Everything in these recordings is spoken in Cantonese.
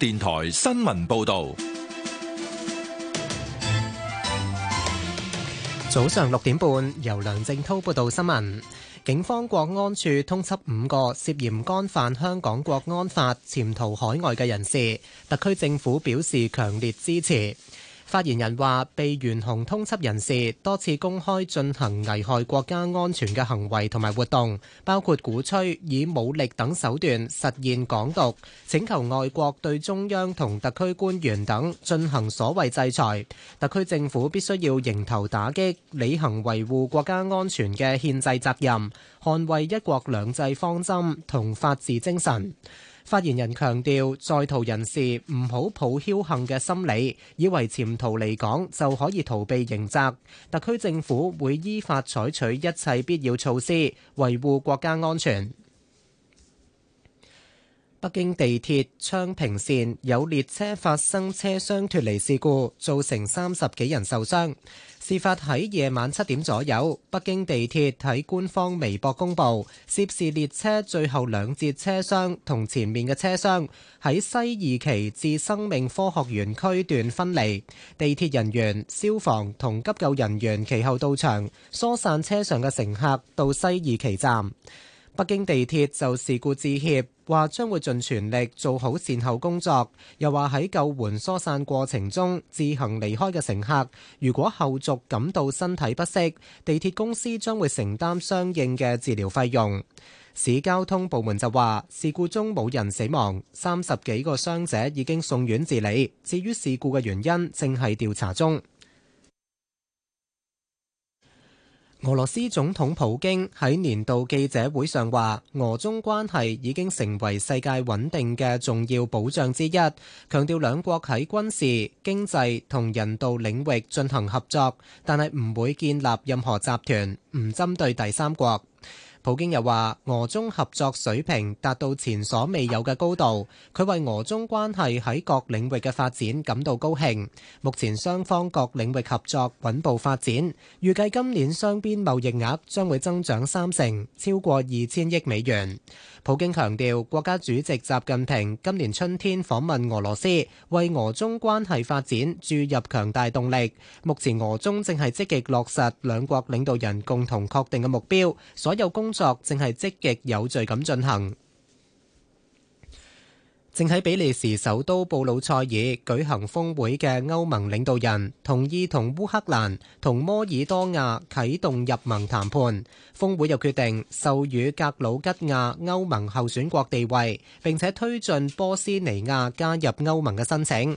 電台新聞報道，早上六點半，由梁正濤報道新聞。警方國安處通緝五個涉嫌干犯香港國安法、潛逃海外嘅人士，特區政府表示強烈支持。發言人話：被懸紅通緝人士多次公開進行危害國家安全嘅行為同埋活動，包括鼓吹以武力等手段實現港獨，請求外國對中央同特區官員等進行所謂制裁。特區政府必須要迎頭打擊，履行維護國家安全嘅憲制責任，捍衛一國兩制方針同法治精神。發言人強調，在逃人士唔好抱僥倖嘅心理，以為潛逃嚟港就可以逃避刑責。特區政府會依法採取一切必要措施，維護國家安全。北京地鐵昌平線有列車發生車廂脫離事故，造成三十幾人受傷。事發喺夜晚七點左右。北京地鐵喺官方微博公布，涉事列車最後兩節車廂同前面嘅車廂喺西二旗至生命科學園區段分離，地鐵人員、消防同急救人員其後到場，疏散車上嘅乘客到西二旗站。北京地鐵就事故致歉，話將會盡全力做好善後工作。又話喺救援疏散過程中自行離開嘅乘客，如果後續感到身體不適，地鐵公司將會承擔相應嘅治療費用。市交通部門就話，事故中冇人死亡，三十幾個傷者已經送院治理。至於事故嘅原因，正係調查中。俄羅斯總統普京喺年度記者會上話：俄中關係已經成為世界穩定嘅重要保障之一，強調兩國喺軍事、經濟同人道領域進行合作，但係唔會建立任何集團，唔針對第三國。普京又話：俄中合作水平達到前所未有嘅高度，佢為俄中關係喺各領域嘅發展感到高興。目前雙方各領域合作穩步發展，預計今年雙邊貿易額將會增長三成，超過二千億美元。普京強調，國家主席習近平今年春天訪問俄羅斯，為俄中關係發展注入強大動力。目前俄中正係積極落實兩國領導人共同確定嘅目標，所有工工作正係積極有序咁進行。正喺比利時首都布魯塞爾舉行峰會嘅歐盟領導人同意同烏克蘭同摩爾多瓦啟動入盟談判。峰會又決定授予格魯吉亞歐盟候選國地位，並且推進波斯尼亞加入歐盟嘅申請。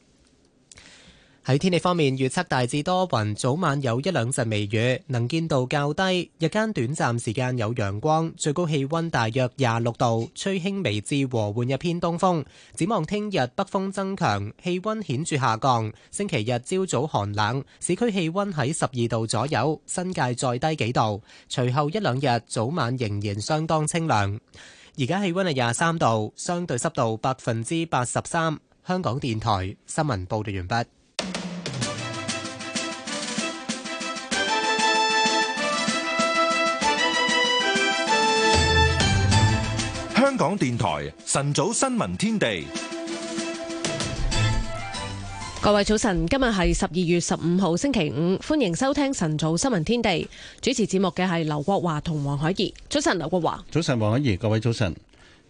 喺天氣方面，預測大致多雲，早晚有一兩陣微雨，能見度較低。日間短暫時間有陽光，最高氣溫大約廿六度，吹輕微至和緩一偏東風。展望聽日北風增強，氣溫顯著下降。星期日朝早寒冷，市區氣溫喺十二度左右，新界再低幾度。隨後一兩日早晚仍然相當清涼。而家氣溫係廿三度，相對濕度百分之八十三。香港電台新聞報道完畢。港電台晨早新聞天地，各位早晨，今日係十二月十五號星期五，歡迎收聽晨早新聞天地。主持節目嘅係劉國華同黃海怡。早晨，劉國華。早晨，黃海怡。各位早晨。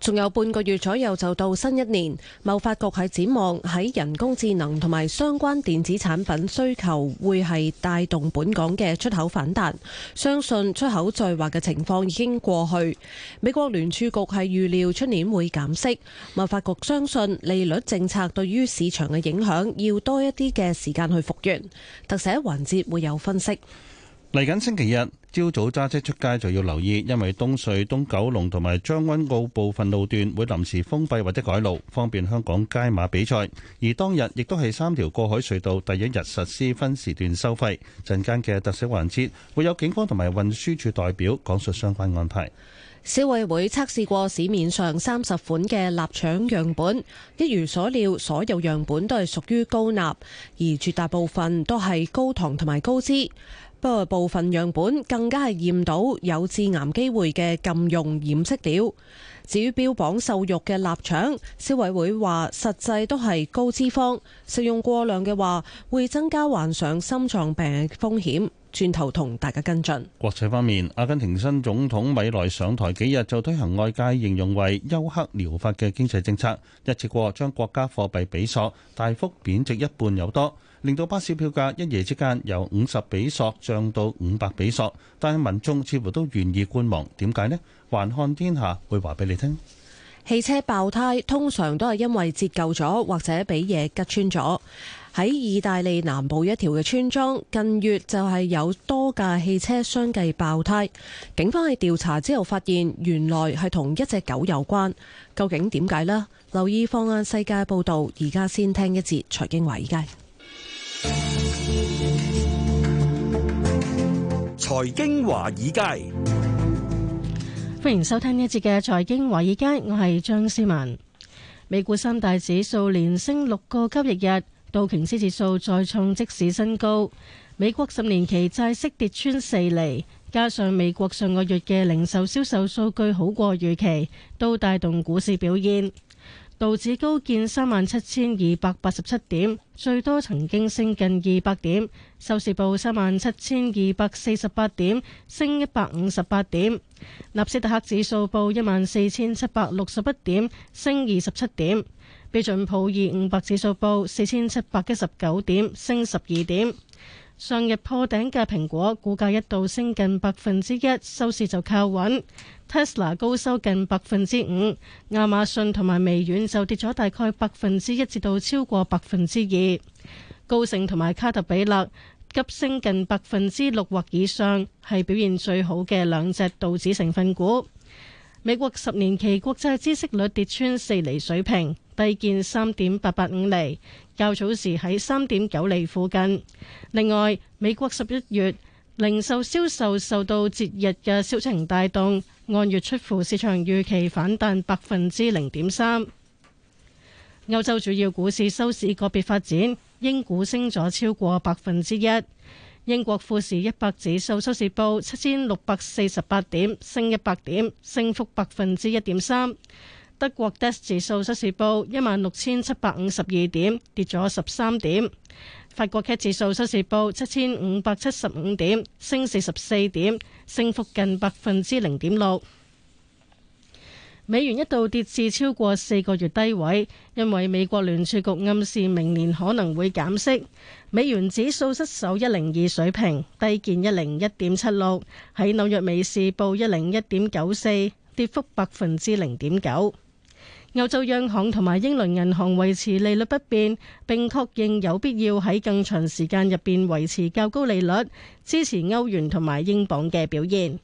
仲有半個月左右就到新一年，貿發局係展望喺人工智能同埋相關電子產品需求會係帶動本港嘅出口反彈。相信出口在滑嘅情況已經過去。美國聯儲局係預料出年會減息，貿發局相信利率政策對於市場嘅影響要多一啲嘅時間去復原。特寫環節會有分析。嚟緊星期日朝早揸車出街就要留意，因為東隧、東九龍同埋將軍澳部分路段會臨時封閉或者改路，方便香港街馬比賽。而當日亦都係三條過海隧道第一日實施分時段收費。陣間嘅特色環節會有警方同埋運輸處代表講述相關安排。消委會測試過市面上三十款嘅臘腸樣本，一如所料，所有樣本都係屬於高鈉，而絕大部分都係高糖同埋高脂。不過部分樣本更加係驗到有致癌機會嘅禁用染色料。至於標榜瘦肉嘅臘腸，消委會話實際都係高脂肪，食用過量嘅話會增加患上心臟病風險。轉頭同大家跟進。國際方面，阿根廷新總統米萊上台幾日就推行外界形容為休克療法嘅經濟政策，一次過將國家貨幣比索大幅貶值一半有多。令到巴士票價一夜之間由五十比索漲到五百比索，但係民眾似乎都願意觀望，點解呢？還看天下會話俾你聽。汽車爆胎通常都係因為折舊咗或者俾嘢吉穿咗。喺意大利南部一條嘅村莊，近月就係有多架汽車相繼爆胎。警方喺調查之後發現，原來係同一隻狗有關。究竟點解呢？留意放眼世界報道，而家先聽一節財經華爾街。財經華爾街，歡迎收聽呢一節嘅財經華爾街，我係張思文。美股三大指數連升六個交易日，道瓊斯指數再創即市新高。美國十年期債息跌穿四厘，加上美國上個月嘅零售銷售數據好過預期，都帶動股市表現。道指高見三萬七千二百八十七點，最多曾經升近二百點，收市報三萬七千二百四十八點，升一百五十八點。納斯達克指數報一萬四千七百六十一點，升二十七點。標準普爾五百指數報四千七百一十九點，升十二點。上日破頂嘅蘋果股價一度升近百分之一，收市就靠穩。Tesla 高收近百分之五，亞馬遜同埋微軟就跌咗大概百分之一至到超過百分之二。高盛同埋卡特彼勒急升近百分之六或以上，係表現最好嘅兩隻道指成分股。美國十年期國債孳息率跌穿四厘水平，低見三點八八五厘，較早時喺三點九厘附近。另外，美國十一月零售銷售受到節日嘅銷情帶動。按月出乎市場預期反彈百分之零點三。歐洲主要股市收市個別發展，英股升咗超過百分之一，英國富時一百指數收市報七千六百四十八點，升一百點，升幅百分之一點三。德國 DAX 指數收市報一萬六千七百五十二點，跌咗十三點。法國 K 指數收市報七千五百七十五點，升四十四點，升幅近百分之零點六。美元一度跌至超過四個月低位，因為美國聯儲局暗示明年可能會減息。美元指數失守一零二水平，低見一零一點七六，喺紐約美市報一零一點九四，跌幅百分之零點九。歐洲央行同埋英倫銀行維持利率不變，並確認有必要喺更長時間入邊維持較高利率，支持歐元同埋英鎊嘅表現。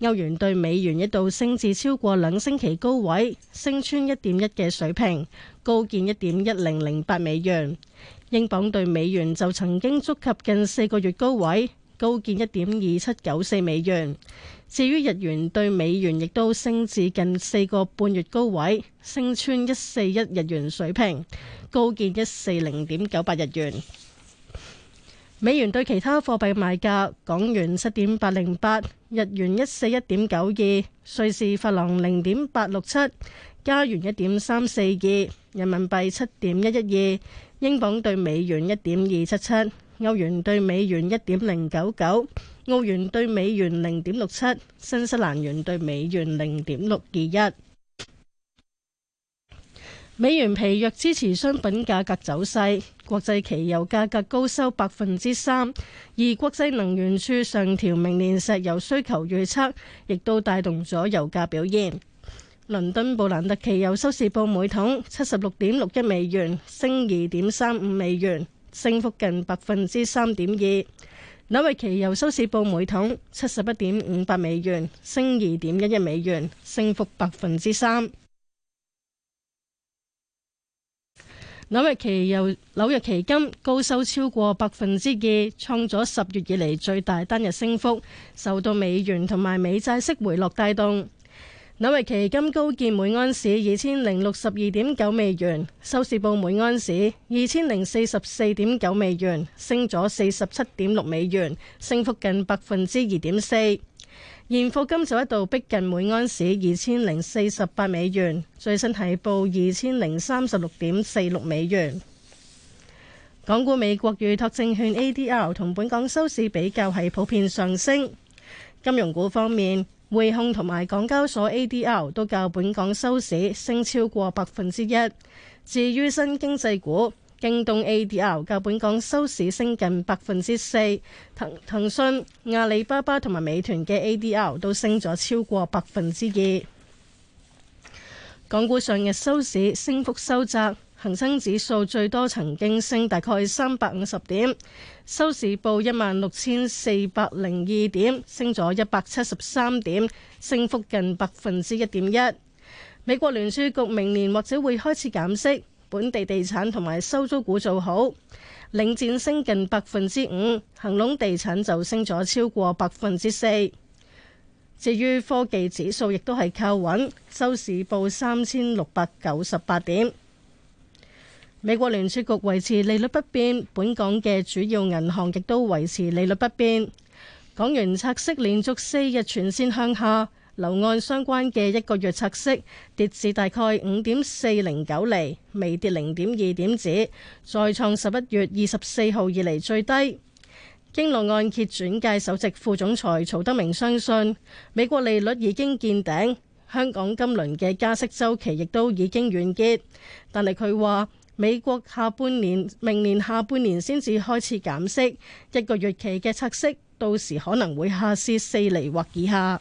歐元兌美元一度升至超過兩星期高位，升穿一點一嘅水平，高見一點一零零八美元。英鎊兌美元就曾經觸及近四個月高位，高見一點二七九四美元。至於日元對美元亦都升至近四個半月高位，升穿一四一日元水平，高見一四零點九八日元。美元對其他貨幣賣價：港元七點八零八，日元一四一點九二，瑞士法郎零點八六七，加元一點三四二，人民幣七點一一二，英鎊對美元一點二七七。歐元兌美元一點零九九，澳元兌美元零點六七，新西蘭元兌美元零點六二一。美元疲弱支持商品價格走勢，國際期油價格高收百分之三，而國際能源署上調明年石油需求預測，亦都帶動咗油價表現。倫敦布蘭特期油收市報每桶七十六點六一美元，升二點三五美元。升幅近百分之三點二，紐約期油收市報每桶七十一點五八美元，升二點一一美元，升幅百分之三。紐約期油、紐約期金高收超過百分之二，創咗十月以嚟最大單日升幅，受到美元同埋美債息回落帶動。紐約期金高見每盎司二千零六十二點九美元，收市報每盎司二千零四十四點九美元，升咗四十七點六美元，升幅近百分之二點四。現貨金就一度逼近每盎司二千零四十八美元，最新係報二千零三十六點四六美元。港股美國預託證券 ADR 同本港收市比較係普遍上升。金融股方面。匯控同埋港交所 ADR 都較本港收市升超過百分之一。至於新經濟股，京東 ADR 較本港收市升近百分之四。騰騰訊、阿里巴巴同埋美團嘅 ADR 都升咗超過百分之二。港股上日收市升幅收窄。恒生指數最多曾經升大概三百五十點，收市報一萬六千四百零二點，升咗一百七十三點，升幅近百分之一點一。美國聯儲局明年或者會開始減息，本地地產同埋收租股做好，領展升近百分之五，恒隆地產就升咗超過百分之四。至於科技指數亦都係靠穩，收市報三千六百九十八點。美國聯儲局維持利率不變，本港嘅主要銀行亦都維持利率不變。港元拆息連續四日全線向下，樓按相關嘅一個月拆息跌至大概五點四零九厘，微跌零點二點子，再創十一月二十四號以嚟，最低。經絡按揭轉介首席副總裁曹德明相信，美國利率已經見頂，香港今輪嘅加息週期亦都已經完結。但係佢話。美國下半年、明年下半年先至開始減息，一個月期嘅測息，到時可能會下跌四厘或以下。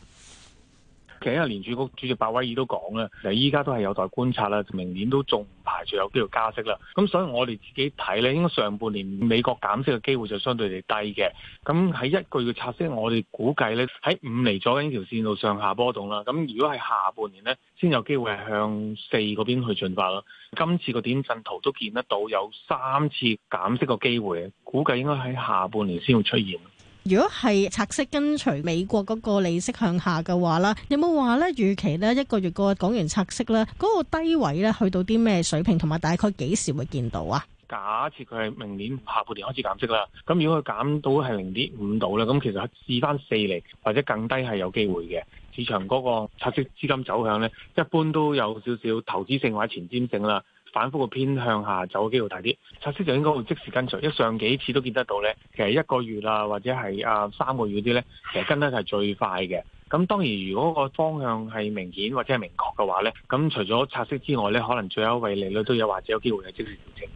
其實聯儲局主席鮑威爾都講啦，其實依家都係有待觀察啦，明年都仲排除有機會加息啦，咁所以我哋自己睇呢，應該上半年美國減息嘅機會就相對嚟低嘅。咁喺一個月嘅拆息，我哋估計呢，喺五厘左右嗰條線路上下波動啦。咁如果係下半年呢，先有機會係向四嗰邊去進發啦。今次個點陣圖都見得到有三次減息嘅機會，估計應該喺下半年先會出現。如果係拆息跟隨美國嗰個利息向下嘅話啦，有冇話咧預期咧一個月個港元拆息咧嗰個低位咧去到啲咩水平，同埋大概幾時會見到啊？假設佢係明年下半年開始減息啦，咁如果佢減到係零點五度咧，咁其實試翻四厘或者更低係有機會嘅。市場嗰個拆息資金走向咧，一般都有少少投資性或者前瞻性啦。反覆嘅偏向下走嘅機會大啲，拆息就應該會即時跟隨。因為上幾次都見得到呢，其實一個月啊，或者係啊三個月嗰啲呢，其實跟得係最快嘅。咁當然，如果個方向係明顯或者係明確嘅話呢，咁除咗拆息之外呢，可能最優惠利率都有或者有機會係即時調整。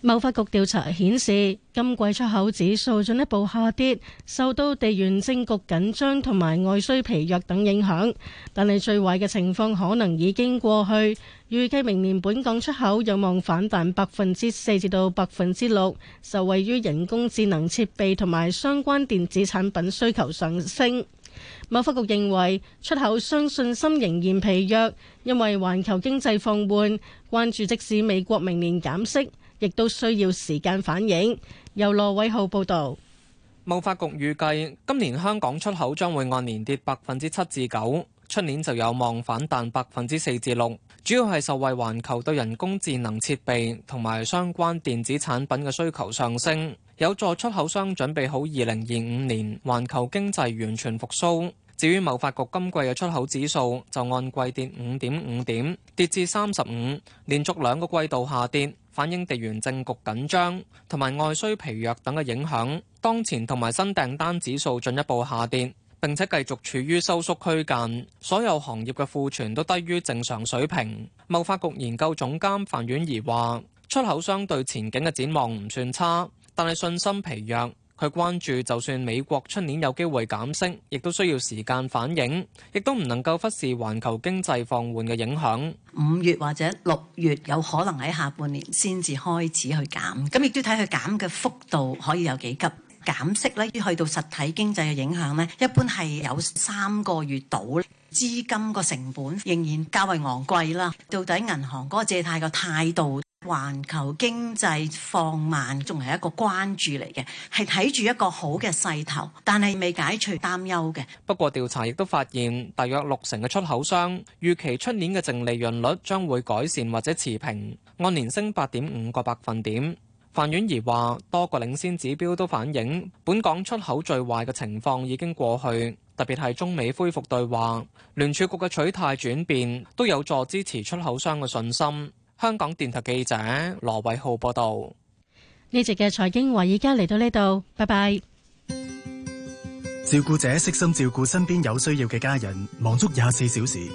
貿發局調查顯示，今季出口指數進一步下跌，受到地緣政局緊張同埋外需疲弱等影響。但係最壞嘅情況可能已經過去，預計明年本港出口有望反彈百分之四至到百分之六，受惠於人工智能設備同埋相關電子產品需求上升。貿發局認為，出口商信心仍然疲弱，因為環球經濟放緩，關注即使美國明年減息，亦都需要時間反應。由羅偉浩報道，貿發局預計今年香港出口將會按年跌百分之七至九，出年就有望反彈百分之四至六，主要係受惠環球對人工智能設備同埋相關電子產品嘅需求上升，有助出口商準備好二零二五年環球經濟完全復蘇。至於貿發局今季嘅出口指數就按季跌五點五點，跌至三十五，連續兩個季度下跌。反映地緣政局緊張同埋外需疲弱等嘅影響，當前同埋新訂單指數進一步下跌，並且繼續處於收縮區間，所有行業嘅庫存都低於正常水平。貿發局研究總監范婉儀話：出口商對前景嘅展望唔算差，但係信心疲弱。佢關注，就算美國出年有機會減息，亦都需要時間反映，亦都唔能夠忽視環球經濟放緩嘅影響。五月或者六月有可能喺下半年先至開始去減，咁亦都睇佢減嘅幅度可以有幾急。減息呢，去到實體經濟嘅影響呢，一般係有三個月到，資金個成本仍然較為昂貴啦。到底銀行嗰個借貸個態度？環球經濟放慢仲係一個關注嚟嘅，係睇住一個好嘅勢頭，但係未解除擔憂嘅。不過調查亦都發現，大約六成嘅出口商預期出年嘅淨利潤率將會改善或者持平，按年升八點五個百分點。范婉儀話，多個領先指標都反映本港出口最壞嘅情況已經過去，特別係中美恢復對話，聯儲局嘅取態轉變都有助支持出口商嘅信心。香港電台記者羅偉浩報道，呢集嘅財經話而家嚟到呢度，拜拜。照顧者悉心照顧身邊有需要嘅家人，忙足廿四小時，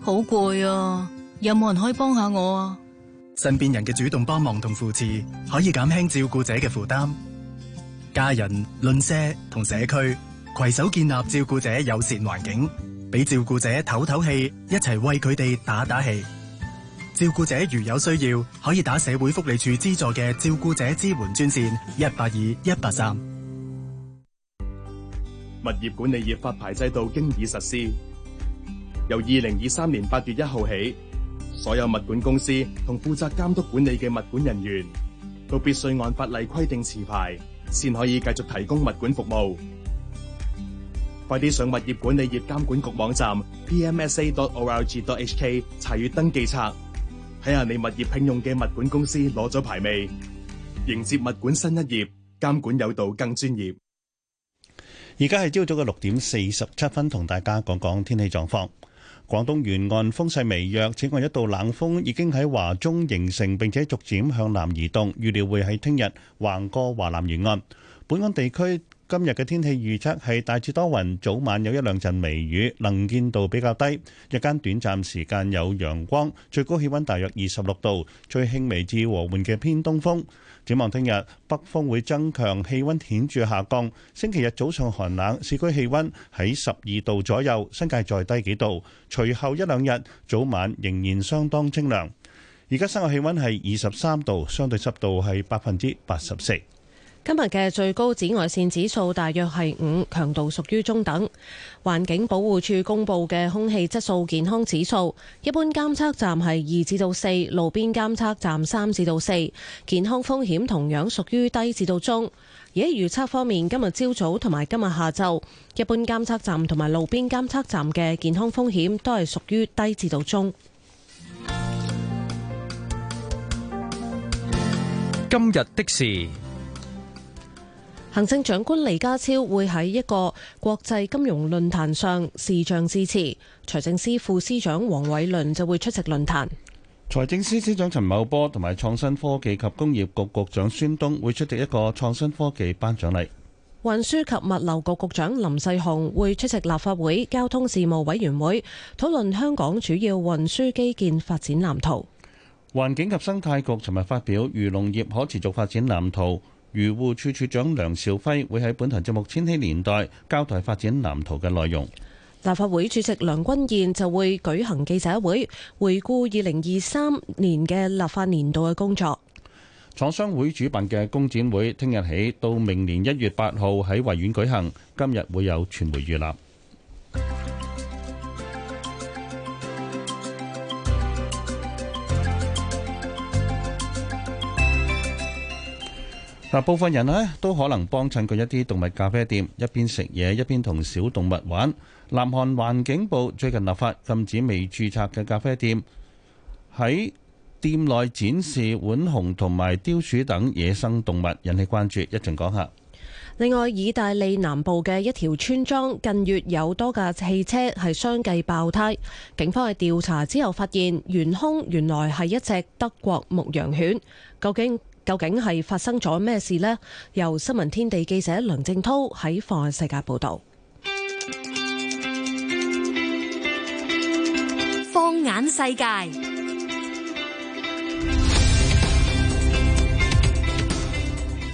好攰啊！有冇人可以幫下我啊？身邊人嘅主動幫忙同扶持，可以減輕照顧者嘅負擔。家人、鄰舍同社區攜手建立照顧者友善環境，俾照顧者透透氣，一齊為佢哋打打氣。照顧者如有需要，可以打社會福利署資助嘅照顧者支援專線一八二一八三。物業管理業發牌制度經已實施，由二零二三年八月一號起，所有物管公司同負責監督管理嘅物管人員，都必須按法例規定持牌，先可以繼續提供物管服務。快啲上物業管理業監管局網站 pmsa.org.hk 查閱登記冊。睇下你物業聘用嘅物管公司攞咗牌未？迎接物管新一頁，監管有道更專業。而家係朝早嘅六點四十七分，同大家講講天氣狀況。廣東沿岸風勢微弱，此外一道冷鋒已經喺華中形成，並且逐漸向南移動，預料會喺聽日橫過華南沿岸。本港地區。今日嘅天氣預測係大致多雲，早晚有一兩陣微雨，能見度比較低。日間短暫時間有陽光，最高氣溫大約二十六度，最輕微至和緩嘅偏東風。展望聽日，北風會增強，氣溫顯著下降。星期日早上寒冷，市區氣溫喺十二度左右，新界再低幾度。隨後一兩日，早晚仍然相當清涼。而家室外氣溫係二十三度，相對濕度係百分之八十四。今日嘅最高紫外線指數大約係五，強度屬於中等。環境保護署公布嘅空氣質素健康指數，一般監測站係二至到四，路邊監測站三至到四，健康風險同樣屬於低至到中。而喺預測方面，今日朝早同埋今日下晝，一般監測站同埋路邊監測站嘅健康風險都係屬於低至到中。今日的事。行政長官李家超會喺一個國際金融論壇上視像致辭，財政司副司長黃偉綸就會出席論壇。財政司司長陳茂波同埋創新科技及工業局局,局長孫東會出席一個創新科技頒獎禮。運輸及物流局局長林世雄會出席立法會交通事務委員會討論香港主要運輸基建發展藍圖。環境及生態局尋日發表漁農業可持續發展藍圖。漁護處處長梁兆輝會喺本台節目《千禧年代》交代發展藍圖嘅內容。立法會主席梁君彥就會舉行記者會，回顧二零二三年嘅立法年度嘅工作。廠商會主辦嘅工展會聽日起到明年一月八號喺維園舉行，今日會有傳媒預覽。嗱，部分人呢都可能幫襯過一啲動物咖啡店，一邊食嘢一邊同小動物玩。南韓環境部最近立法禁止未註冊嘅咖啡店喺店內展示浣熊同埋貂鼠等野生動物，引起關注。一陣講下。另外，意大利南部嘅一條村莊近月有多架汽車係相繼爆胎，警方去調查之後發現元兇原來係一隻德國牧羊犬，究竟？究竟係發生咗咩事呢？由新聞天地記者梁正濤喺放眼世界報道。放眼世界，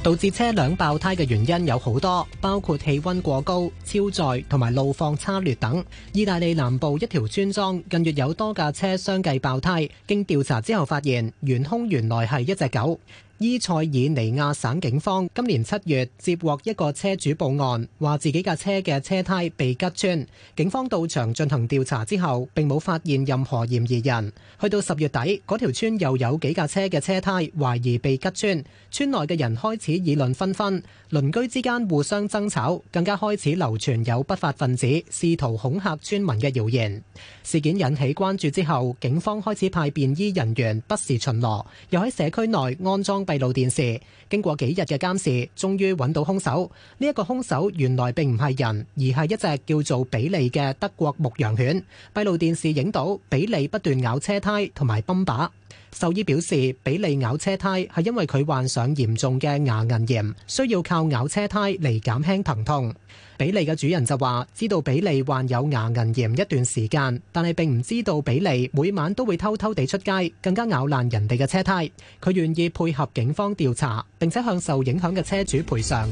導致車輛爆胎嘅原因有好多，包括氣温過高、超載同埋路況差劣等。意大利南部一條村莊近月有多架車相繼爆胎，經調查之後發現，元凶原來係一隻狗。伊塞爾尼亞省警方今年七月接獲一個車主報案，話自己架車嘅車胎被吉穿。警方到場進行調查之後，並冇發現任何嫌疑人。去到十月底，嗰條村又有幾架車嘅車胎懷疑被吉穿，村內嘅人開始議論紛紛，鄰居之間互相爭吵，更加開始流傳有不法分子試圖恐嚇村民嘅謠言。事件引起關注之後，警方開始派便衣人員不時巡邏，又喺社區內安裝。閉路電視經過幾日嘅監視，終於揾到兇手。呢一個兇手原來並唔係人，而係一隻叫做比利嘅德國牧羊犬。閉路電視影到比利不斷咬車胎同埋泵把。獸醫表示，比利咬車胎係因為佢患上嚴重嘅牙齦炎，需要靠咬車胎嚟減輕疼痛。比利嘅主人就話：知道比利患有牙齦炎一段時間，但係並唔知道比利每晚都會偷偷地出街，更加咬爛人哋嘅車胎。佢願意配合警方調查，並且向受影響嘅車主賠償。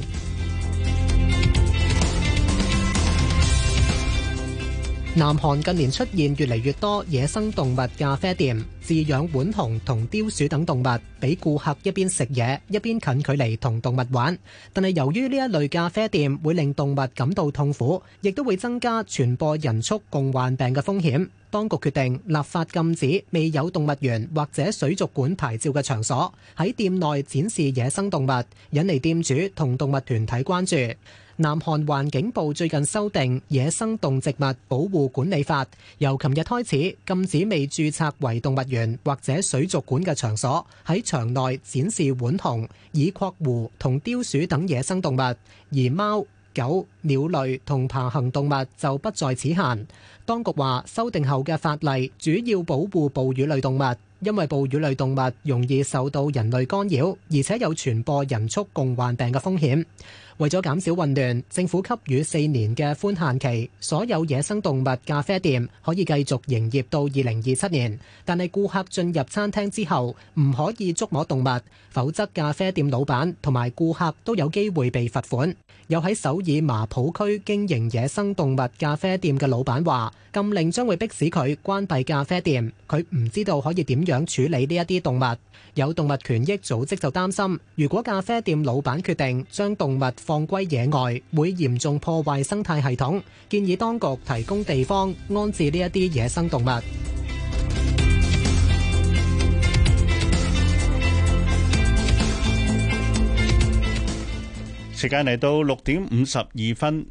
南韓近年出現越嚟越多野生動物咖啡店，飼養浣熊同貂鼠等動物，俾顧客一邊食嘢一邊近距離同動物玩。但係由於呢一類咖啡店會令動物感到痛苦，亦都會增加傳播人畜共患病嘅風險，當局決定立法禁止未有動物園或者水族館牌照嘅場所喺店內展示野生動物，引嚟店主同動物團體關注。南韓環境部最近修訂《野生動植物保護管理法》，由琴日開始禁止未註冊為動物園或者水族館嘅場所喺場內展示浣熊、耳廓狐同貂鼠等野生動物，而貓、狗、鳥類同爬行動物就不在此限。當局話，修訂後嘅法例主要保護哺乳類動物，因為哺乳類動物容易受到人類干擾，而且有傳播人畜共患病嘅風險。為咗減少混亂，政府給予四年嘅寬限期，所有野生動物咖啡店可以繼續營業到二零二七年。但係顧客進入餐廳之後，唔可以觸摸動物，否則咖啡店老闆同埋顧客都有機會被罰款。有喺首爾麻浦區經營野生動物咖啡店嘅老闆話：禁令將會迫使佢關閉咖啡店，佢唔知道可以點樣處理呢一啲動物。有動物權益組織就擔心，如果咖啡店老闆決定將動物放歸野外會嚴重破壞生態系統，建議當局提供地方安置呢一啲野生動物。時間嚟到六點五十二分，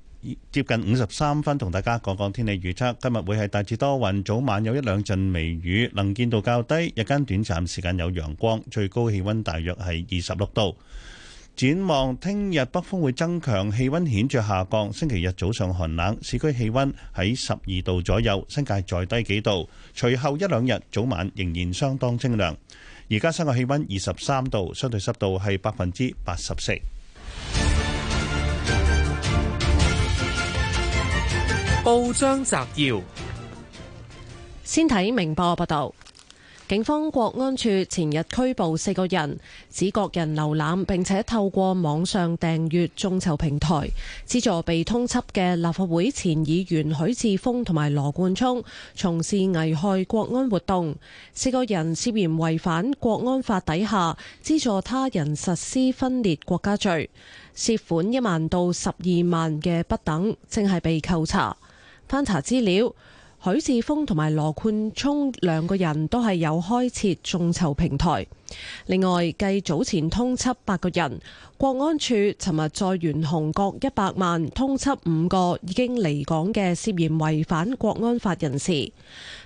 接近五十三分，同大家講講天氣預測。今日會係大致多雲，早晚有一兩陣微雨，能見度較低，日間短暫時間有陽光，最高氣溫大約係二十六度。展望聽日北風會增強，氣溫顯著下降。星期日早上寒冷，市區氣溫喺十二度左右，新界再低幾度。隨後一兩日早晚仍然相當清涼。而家室外氣溫二十三度，相對濕度係百分之八十四。報章摘要，先睇明報報道。警方國安處前日拘捕四個人，指各人瀏覽並且透過網上訂閱眾籌平台資助被通緝嘅立法會前議員許智峰同埋羅冠聰，從事危害國安活動。四個人涉嫌違反國安法底下資助他人實施分裂國家罪，涉款一萬到十二萬嘅不等，正係被扣查。翻查資料。許智峰同埋羅冠聰兩個人都係有開設眾籌平台。另外，繼早前通緝八個人，國安處尋日再懸紅各一百萬，通緝五個已經離港嘅涉嫌違反國安法人士。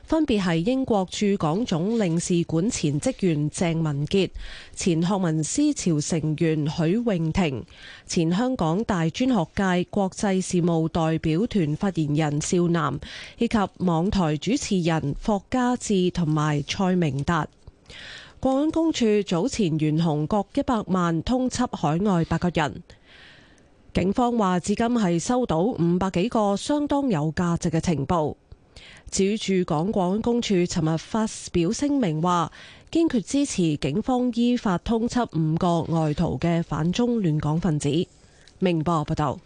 分別係英國駐港總領事館前職員鄭文傑、前學民思潮成員許穎婷、前香港大專學界國際事務代表團發言人邵嵐，以及網台主持人霍嘉誌同埋蔡明達。國安公署早前懸紅各一百萬，通緝海外八個人，警方話至今係收到五百幾個相當有價值嘅情報。駐港國安公署尋日發表聲明，話堅決支持警方依法通緝五個外逃嘅反中亂港分子。《明報》報道，《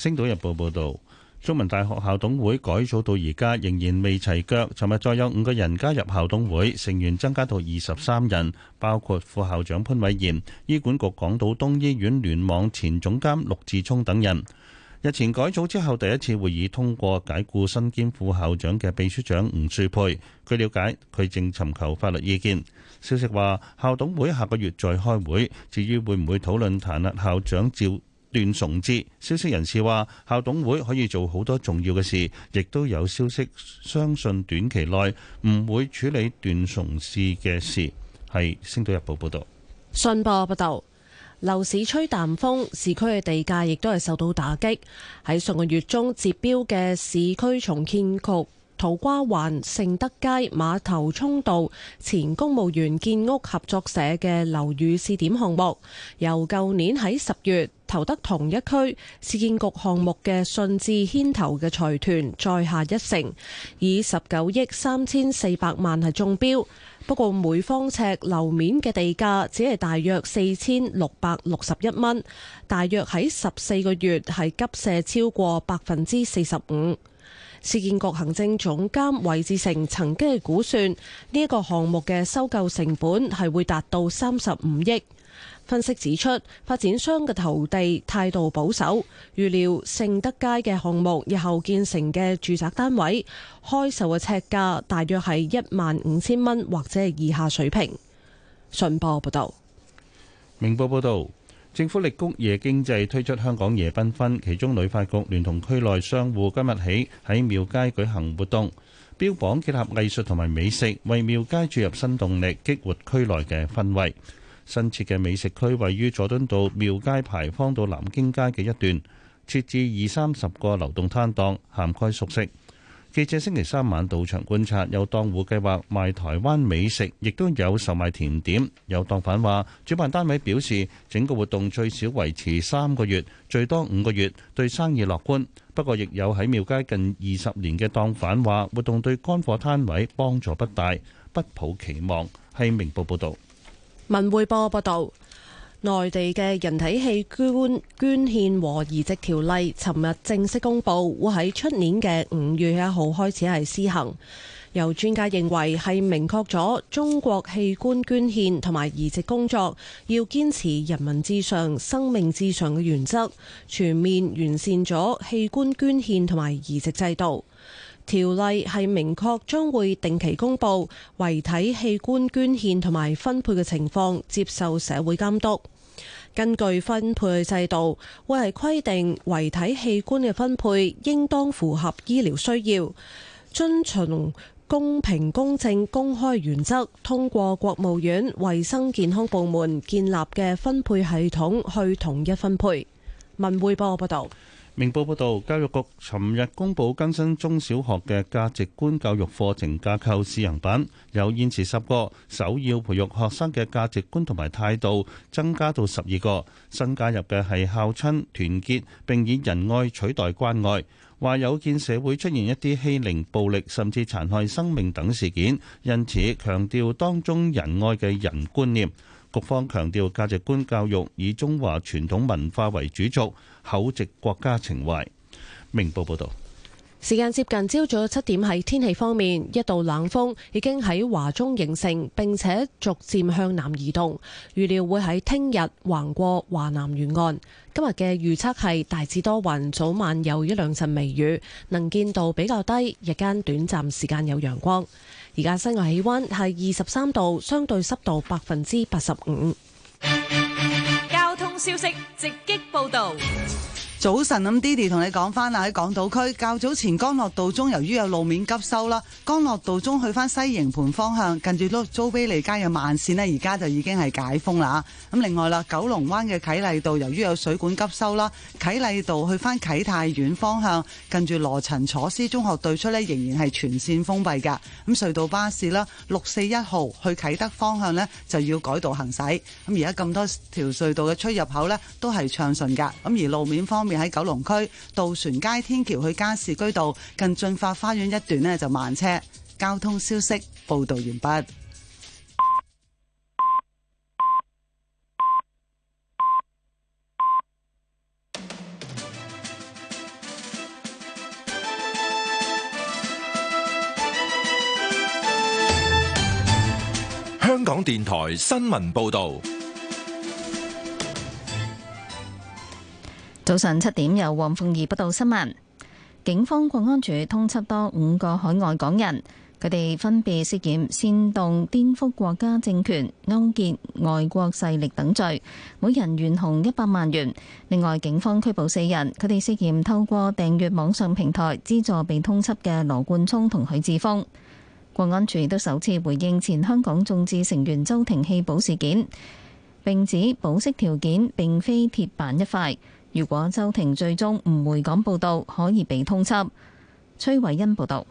星島日報》報道，中文大學校董會改組到而家仍然未齊腳。尋日再有五個人加入校董會，成員增加到二十三人，包括副校長潘偉賢、醫管局港島東醫院聯網前總監陸志聰等人。日前改組之後，第一次會議通過解雇新兼副校長嘅秘書長吳樹培。據了解，佢正尋求法律意見。消息話，校董會下個月再開會，至於會唔會討論彈劾校長趙段崇智？消息人士話，校董會可以做好多重要嘅事，亦都有消息相信短期內唔會處理段崇智嘅事。係、嗯、星島日報報，報道，信報道。樓市吹淡風，市區嘅地價亦都係受到打擊。喺上個月中截標嘅市區重建局。土瓜灣盛德街馬頭涌道前公務員建屋合作社嘅樓宇試點項目，由舊年喺十月投得同一區市建局項目嘅順智牽頭嘅財團再下一城，以十九億三千四百萬係中標，不過每方尺樓面嘅地價只係大約四千六百六十一蚊，大約喺十四個月係急瀉超過百分之四十五。市建局行政總監韋志成曾經係估算呢一、這個項目嘅收購成本係會達到三十五億。分析指出，發展商嘅投地態度保守，預料盛德街嘅項目日後建成嘅住宅單位開售嘅尺價大約係一萬五千蚊或者係以下水平。信報報道，明報報道。政府力谷夜經濟，推出香港夜繽紛。其中旅發局聯同區內商戶今日起喺廟街舉行活動，標榜結合藝術同埋美食，為廟街注入新動力，激活區內嘅氛圍。新設嘅美食區位於佐敦道廟街牌坊到南京街嘅一段，設置二三十個流動攤檔，涵蓋熟食。記者星期三晚到場觀察，有檔戶計劃賣賣台灣美食，亦都有售賣甜點。有檔販話，主辦單位表示，整個活動最少維持三個月，最多五個月，對生意樂觀。不過，亦有喺廟街近二十年嘅檔販話，活動對乾貨攤位幫助不大，不抱期望。係明報報道，文匯報報道。內地嘅人體器官捐獻和移植條例，尋日正式公布，會喺出年嘅五月一號開始係施行。有專家認為，係明確咗中國器官捐獻同埋移植工作要堅持人民至上、生命至上嘅原則，全面完善咗器官捐獻同埋移植制度。條例係明確將會定期公佈遺體器官捐獻同埋分配嘅情況，接受社會監督。根據分配制度，會係規定遺體器官嘅分配應當符合醫療需要，遵循公平、公正、公開原則，通過國務院衞生健康部門建立嘅分配系統去統一分配。文匯報報道。明報報導，教育局尋日公布更新中小學嘅價值觀教育課程架構試行版，有現時十個，首要培育學生嘅價值觀同埋態度，增加到十二個，新加入嘅係孝親團結，並以仁愛取代關愛。話有見社會出現一啲欺凌、暴力甚至殘害生命等事件，因此強調當中仁愛嘅「人」觀念。局方強調價值觀教育以中華傳統文化為主軸，厚植國家情懷。明報報道，時間接近朝早七點，喺天氣方面，一道冷鋒已經喺華中形成，並且逐漸向南移動，預料會喺聽日橫過華南沿岸。今日嘅預測係大致多雲，早晚有一兩陣微雨，能見度比較低，日間短暫時間有陽光。而家室外氣溫係二十三度，相對濕度百分之八十五。交通消息直擊報道。早晨，咁 Didi 同你講翻啦，喺港島區較早前干諾道中由於有路面急修啦，干諾道中去翻西營盤方向，近住都租庇利街嘅慢線呢，而家就已經係解封啦。咁另外啦，九龍灣嘅啟麗道由於有水管急修啦，啟麗道去翻啟泰苑方向，近住羅陳楚斯中學對出呢，仍然係全線封閉噶。咁隧道巴士啦，六四一號去啟德方向呢，就要改道行駛。咁而家咁多條隧道嘅出入口呢，都係暢順噶。咁而路面方，喺九龍區渡船街天橋去加士居道近駿發花園一段呢，就慢車。交通消息報道完畢。香港電台新聞報道。早上七點，由黃鳳儀報道新聞。警方國安處通緝多五個海外港人，佢哋分別涉嫌煽動、顛覆國家政權、勾結外國勢力等罪，每人懸紅一百萬元。另外，警方拘捕四人，佢哋涉嫌透過訂閱網上平台資助被通緝嘅羅冠聰同許智峰。國安處都首次回應前香港眾志成員周庭棄保事件，並指保釋條件並非鐵板一塊。如果周庭最終唔回港報道，可以被通緝。崔惠恩報導。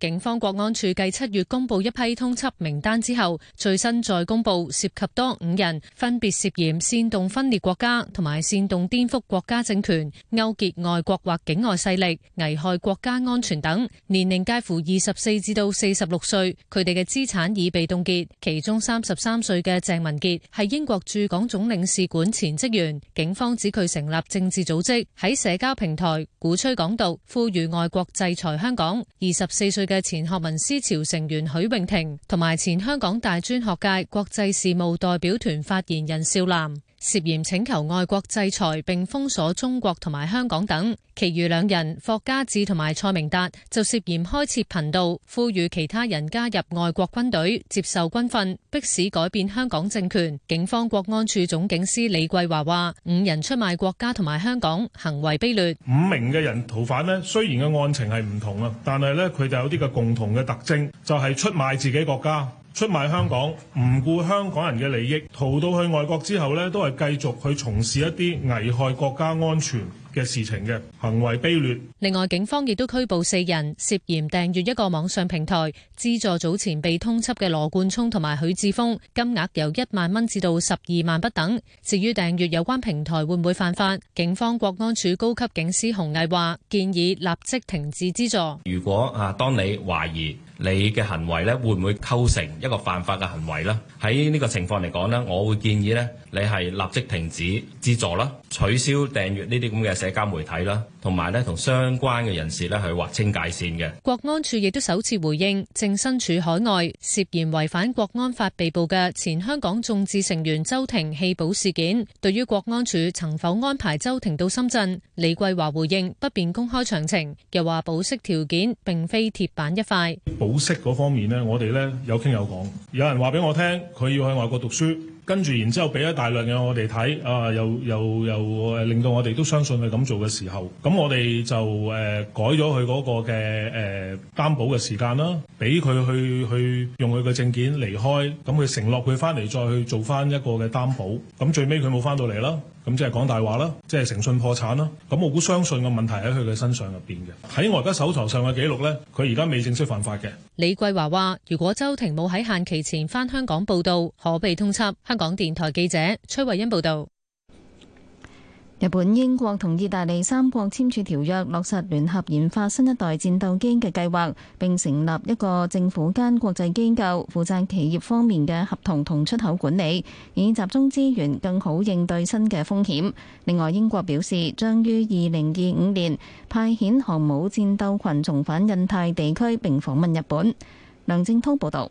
警方國安處繼七月公布一批通緝名單之後，最新再公布涉及多五人，分別涉嫌煽動分裂國家同埋煽動顛覆國家政權、勾結外國或境外勢力、危害國家安全等，年齡介乎二十四至到四十六歲。佢哋嘅資產已被凍結，其中三十三歲嘅鄭文傑係英國駐港總領事館前職員。警方指佢成立政治組織，喺社交平台鼓吹港獨，呼籲外國制裁香港。二十四歲。嘅前學民思潮成員許穎婷，同埋前香港大專學界國際事務代表團發言人邵嵐。涉嫌請求外國制裁，並封鎖中國同埋香港等，其餘兩人霍家志同埋蔡明達就涉嫌開設頻道，呼籲其他人加入外國軍隊，接受軍訓，迫使改變香港政權。警方國安處總警司李桂華話：五人出賣國家同埋香港，行為卑劣。五名嘅人逃犯呢，雖然嘅案情係唔同啊，但係呢，佢哋有啲嘅共同嘅特徵，就係出賣自己國家。出賣香港，唔顧香港人嘅利益，逃到去外國之後呢都係繼續去從事一啲危害國家安全嘅事情，嘅行為卑劣。另外，警方亦都拘捕四人涉嫌訂閲一個網上平台，資助早前被通緝嘅羅冠聰同埋許智峰，金額由一萬蚊至到十二萬不等。至於訂閲有關平台會唔會犯法，警方國安處高級警司洪毅話：建議立即停止資助。如果啊，當你懷疑。你嘅行為咧，會唔會構成一個犯法嘅行為咧？喺呢個情況嚟講咧，我會建議咧，你係立即停止資助啦，取消訂閱呢啲咁嘅社交媒體啦，同埋咧，同相關嘅人士咧去劃清界線嘅。國安處亦都首次回應，正身處海外涉嫌違反國安法被捕嘅前香港眾志成員周庭棄保事件，對於國安處曾否安排周庭到深圳，李桂華回應不便公開詳情，又話保釋條件並非鐵板一塊。保釋嗰方面咧，我哋咧有傾有講。有人話俾我聽，佢要去外國讀書。跟住然之後俾咗大量嘅我哋睇，啊又又，又令到我哋都相信佢咁做嘅時候，咁我哋就誒、呃、改咗佢嗰個嘅誒擔保嘅時間啦，俾佢去去用佢嘅證件離開，咁佢承諾佢翻嚟再去做翻一個嘅擔保，咁最尾佢冇翻到嚟啦，咁即係講大話啦，即係誠信破產啦。咁我估相信個問題喺佢嘅身上入邊嘅。喺我而家手頭上嘅記錄呢，佢而家未正式犯法嘅。李桂華話：如果周庭冇喺限期前翻香港報到，可被通緝。港電台記者崔慧欣報道：日本、英國同意大利三國簽署條約，落實聯合研發新一代戰鬥機嘅計劃，並成立一個政府間國際機構，負責企業方面嘅合同同出口管理，以集中資源更好應對新嘅風險。另外，英國表示將於二零二五年派遣航母戰鬥群重返印太地區，並訪問日本。梁正濤報道。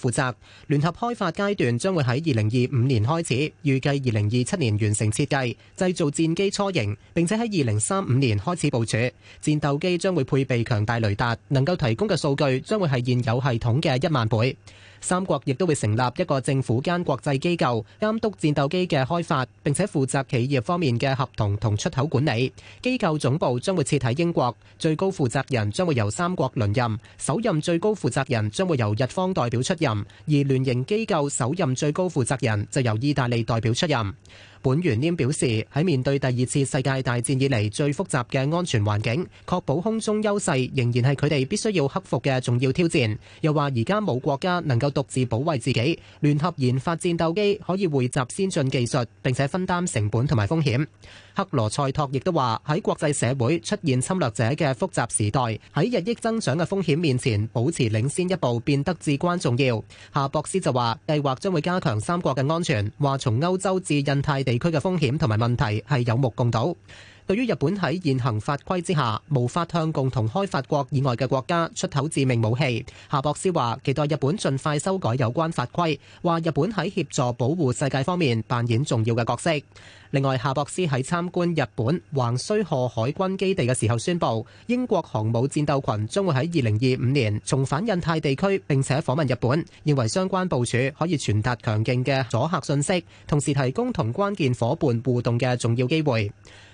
負責，聯合開發階段將會喺二零二五年開始，預計二零二七年完成設計製造戰機初型，並且喺二零三五年開始部署，戰鬥機將會配備強大雷達，能夠提供嘅數據將會係現有系統嘅一萬倍。三國亦都會成立一個政府間國際機構監督戰鬥機嘅開發，並且負責企業方面嘅合同同出口管理。機構總部將會設喺英國，最高負責人將會由三國輪任，首任最高負責人將會由日方代表出任，而聯營機構首任最高負責人就由意大利代表出任。本原拈表示，喺面對第二次世界大戰以嚟最複雜嘅安全環境，確保空中優勢仍然係佢哋必須要克服嘅重要挑戰。又話而家冇國家能夠獨自保衛自己，聯合研發戰鬥機可以匯集先進技術，並且分擔成本同埋風險。克羅塞托亦都話喺國際社會出現侵略者嘅複雜時代，喺日益增長嘅風險面前，保持領先一步變得至關重要。夏博斯就話計劃將會加強三國嘅安全，話從歐洲至印太地。地區嘅風險同埋問題係有目共睹。對於日本喺現行法規之下無法向共同開發國以外嘅國家出口致命武器，夏博斯話：期待日本盡快修改有關法規。話日本喺協助保護世界方面扮演重要嘅角色。另外，夏博斯喺參觀日本橫須賀海軍基地嘅時候宣布，英國航母戰鬥群將會喺二零二五年重返印太地區並且訪問日本，認為相關部署可以傳達強勁嘅阻嚇信息，同時提供同關鍵夥伴互動嘅重要機會。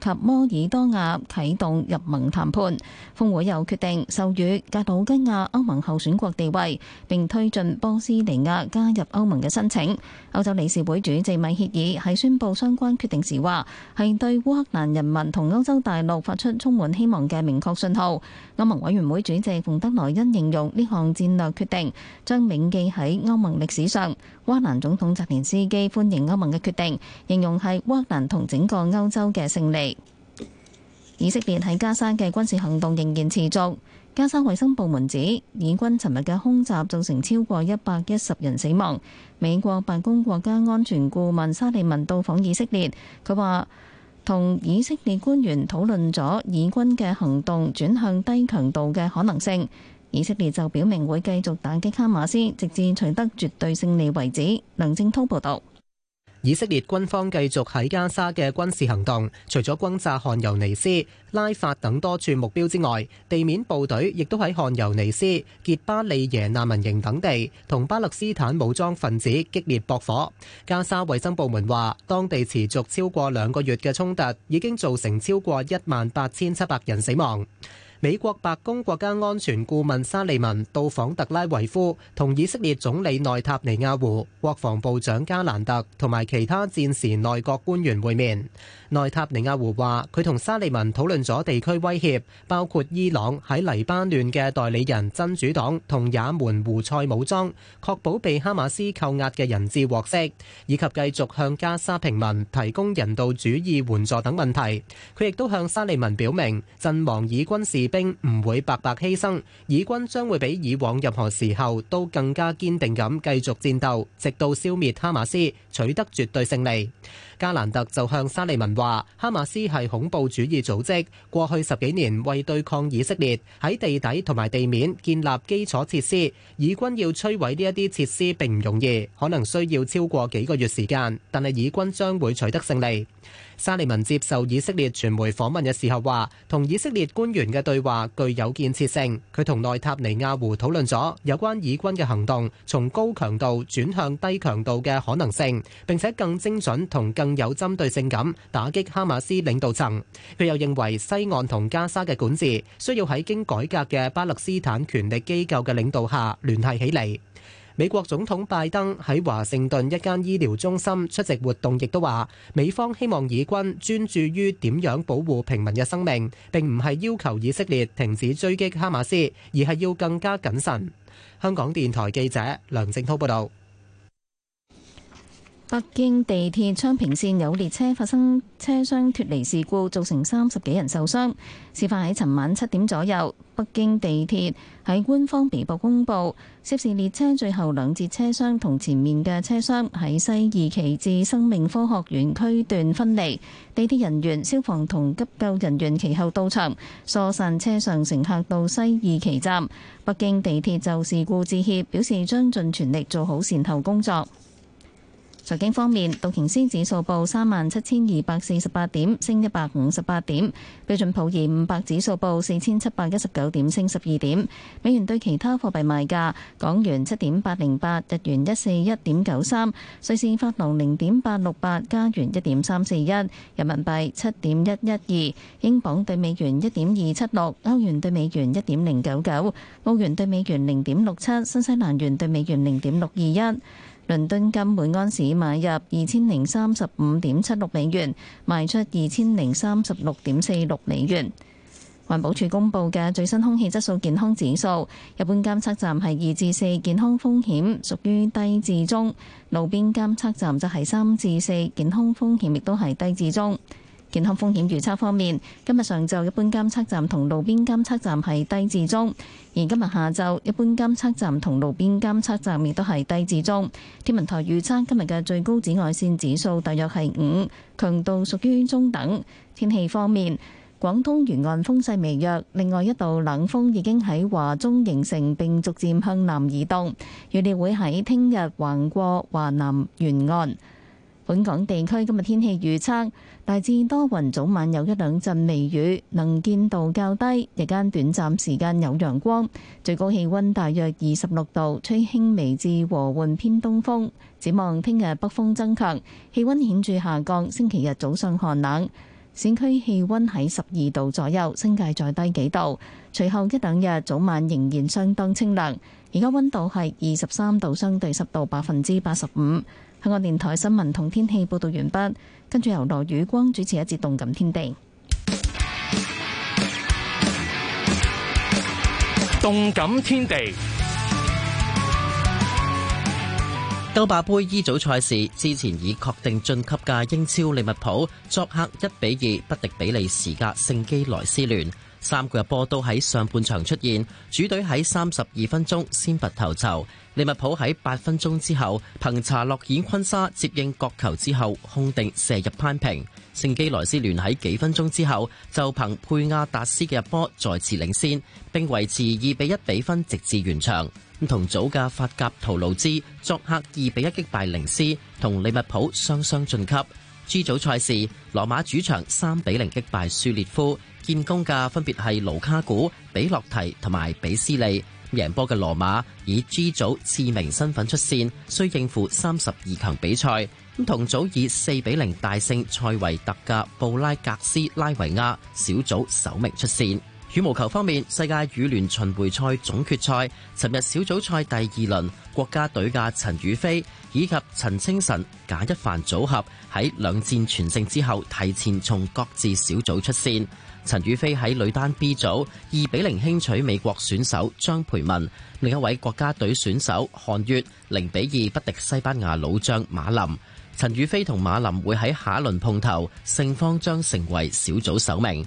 及摩爾多瓦啟動入盟談判，峰會又決定授予格魯吉亞歐盟候選國地位，並推進波斯尼亞加入歐盟嘅申請。歐洲理事會主席米歇爾喺宣布相關決定時話，係對烏克蘭人民同歐洲大陸發出充滿希望嘅明確信號。歐盟委員會主席馮德萊恩形容呢項戰略決定將銘記喺歐盟歷史上。烏克蘭總統澤連斯基歡迎歐盟嘅決定，形容係烏克蘭同整個歐洲嘅勝利。以色列喺加沙嘅軍事行動仍然持續，加沙衛生部門指，以軍尋日嘅空襲造成超過一百一十人死亡。美國白宮國家安全顧問沙利文到訪以色列，佢話同以色列官員討論咗以軍嘅行動轉向低強度嘅可能性。以色列就表明會繼續打擊哈馬斯，直至取得絕對勝利為止。梁正濤報道。以色列軍方繼續喺加沙嘅軍事行動，除咗轟炸汗尤尼斯、拉法等多處目標之外，地面部隊亦都喺汗尤尼斯、傑巴利耶難民營等地同巴勒斯坦武裝分子激烈駁火。加沙衛生部門話，當地持續超過兩個月嘅衝突已經造成超過一萬八千七百人死亡。美國白宮國家安全顧問沙利文到訪特拉維夫，同以色列總理內塔尼亞胡、國防部長加蘭特同埋其他戰時內閣官員會面。內塔尼亞胡話：佢同沙利文討論咗地區威脅，包括伊朗喺黎巴嫩嘅代理人真主黨同也門胡塞武裝，確保被哈馬斯扣押嘅人質獲釋，以及繼續向加沙平民提供人道主義援助等問題。佢亦都向沙利文表明，陣亡以軍事兵唔會白白犧牲，以軍將會比以往任何時候都更加堅定咁繼續戰鬥，直到消滅哈馬斯，取得絕對勝利。加蘭特就向沙利文話，哈馬斯係恐怖主義組織，過去十幾年為對抗以色列喺地底同埋地面建立基礎設施，以軍要摧毀呢一啲設施並唔容易，可能需要超過幾個月時間，但係以軍將會取得勝利。沙利文接受以色列傳媒訪問嘅時候話，同以色列官員嘅對話具有建設性。佢同內塔尼亞胡討論咗有關以軍嘅行動從高強度轉向低強度嘅可能性，並且更精準同更有針對性咁打擊哈馬斯領導層。佢又認為西岸同加沙嘅管治需要喺經改革嘅巴勒斯坦權力機構嘅領導下聯繫起嚟。美國總統拜登喺華盛頓一間醫療中心出席活動，亦都話美方希望以軍專注於點樣保護平民嘅生命，並唔係要求以色列停止追擊哈馬斯，而係要更加謹慎。香港電台記者梁正濤報道：北京地鐵昌平綫有列車發生車廂脫離事故，造成三十幾人受傷，事發喺尋晚七點左右。北京地鐵喺官方微博公布，涉事列車最後兩節車廂同前面嘅車廂喺西二旗至生命科學園區段分離，地鐵人員、消防同急救人員其後到場疏散車上乘客到西二旗站。北京地鐵就事故致歉，表示將盡全力做好善後工作。財經方面，道瓊斯指數報三萬七千二百四十八點，升一百五十八點，標準普爾五百指數報四千七百一十九點，升十二點。美元對其他貨幣賣價：港元七點八零八，日元一四一點九三，瑞士法郎零點八六八，加元一點三四一，人民幣七點一一二，英鎊對美元一點二七六，歐元對美元一點零九九，澳元對美元零點六七，新西蘭元對美元零點六二一。倫敦金每安士買入二千零三十五點七六美元，賣出二千零三十六點四六美元。環保署公布嘅最新空氣質素健康指數，一般監測站係二至四健康風險，屬於低至中；路邊監測站就係三至四健康風險，亦都係低至中。健康風險預測方面，今日上晝一般監測站同路邊監測站係低至中，而今日下晝一般監測站同路邊監測站亦都係低至中。天文台預測今日嘅最高紫外線指數大約係五，強度屬於中等。天氣方面，廣東沿岸風勢微弱，另外一道冷鋒已經喺華中形成並逐漸向南移動，預料會喺聽日橫過華南沿岸。本港地區今日天，天氣預測大致多雲，早晚有一兩陣微雨，能見度較低，日間短暫時間有陽光，最高氣温大約二十六度，吹輕微至和緩偏東風。展望聽日北風增強，氣温顯著下降，星期日早上寒冷，市區氣温喺十二度左右，新界再低幾度。隨後一兩日早晚仍然相當清涼，而家温度係二十三度，相對濕度百分之八十五。香港電台新聞同天氣報道完畢，跟住由羅宇光主持一節《動感天地》。《動感天地》。歐霸盃依組賽事之前已確定晉級嘅英超利物浦，作客一比二不敵比利時甲聖基萊斯聯。三個入波都喺上半場出現，主隊喺三十二分鐘先拔頭籌，利物浦喺八分鐘之後，憑查洛顯昆沙接應角球之後控定射入扳平，聖基萊斯聯喺幾分鐘之後就憑佩亞達斯嘅入波再次領先，並維持二比一比分直至完場。咁同組嘅法甲圖魯茲作客二比一擊敗靈斯，同利物浦雙雙晉級。G 組賽事，羅馬主場三比零擊敗舒列夫，建功嘅分別係盧卡古、比洛提同埋比斯利。贏波嘅羅馬以 G 組次名身份出線，需應付三十二強比賽。同組以四比零大勝塞維特嘅布拉格斯拉維亞，小組首名出線。羽毛球方面，世界羽聯巡回賽總決賽尋日小組賽第二輪，國家隊嘅陳雨菲以及陳清晨、賈一凡組合喺兩戰全勝之後，提前從各自小組出線。陳雨菲喺女單 B 組二比零輕取美國選手張培文，另一位國家隊選手韓悅零比二不敵西班牙老將馬林。陳雨菲同馬林會喺下一輪碰頭，勝方將成為小組首名。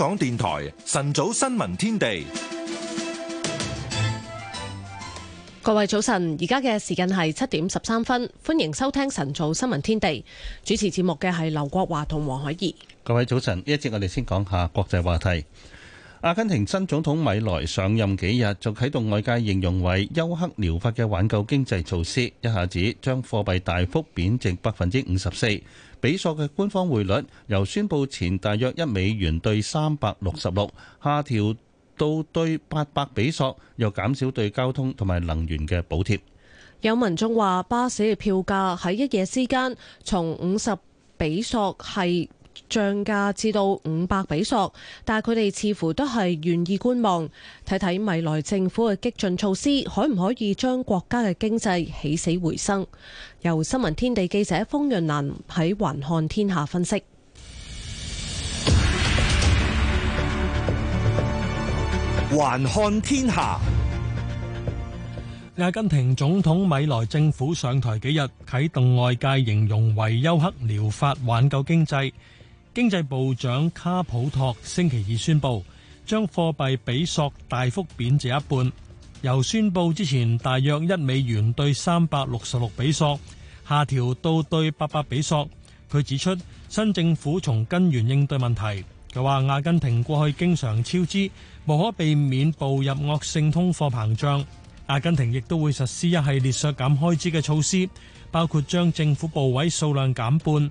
港電台晨早新聞天地，各位早晨，而家嘅時間係七點十三分，歡迎收聽晨早新聞天地。主持節目嘅係劉國華同黃海怡。各位早晨，呢一節我哋先講下國際話題。阿根廷新總統米萊上任幾日就啟動外界形容為休克療法嘅挽救經濟措施，一下子將貨幣大幅貶值百分之五十四，比索嘅官方匯率由宣佈前大約一美元兌三百六十六，下調到兌八百比索，又減少對交通同埋能源嘅補貼。有民眾話巴士嘅票價喺一夜之間從五十比索系漲價至到五百比索，但係佢哋似乎都係願意觀望，睇睇未來政府嘅激進措施可唔可以將國家嘅經濟起死回生。由新聞天地記者封潤蘭喺《環看天下》分析，《環看天下》阿根廷總統米萊政府上台幾日，啟動外界形容為休克療法挽救經濟。經濟部長卡普托星期二宣布，將貨幣比索大幅貶值一半，由宣布之前大約一美元兌三百六十六比索，下調到兌八百比索。佢指出，新政府從根源應對問題。佢話，阿根廷過去經常超支，無可避免步入惡性通貨膨脹。阿根廷亦都會實施一系列削減開支嘅措施，包括將政府部位數量減半。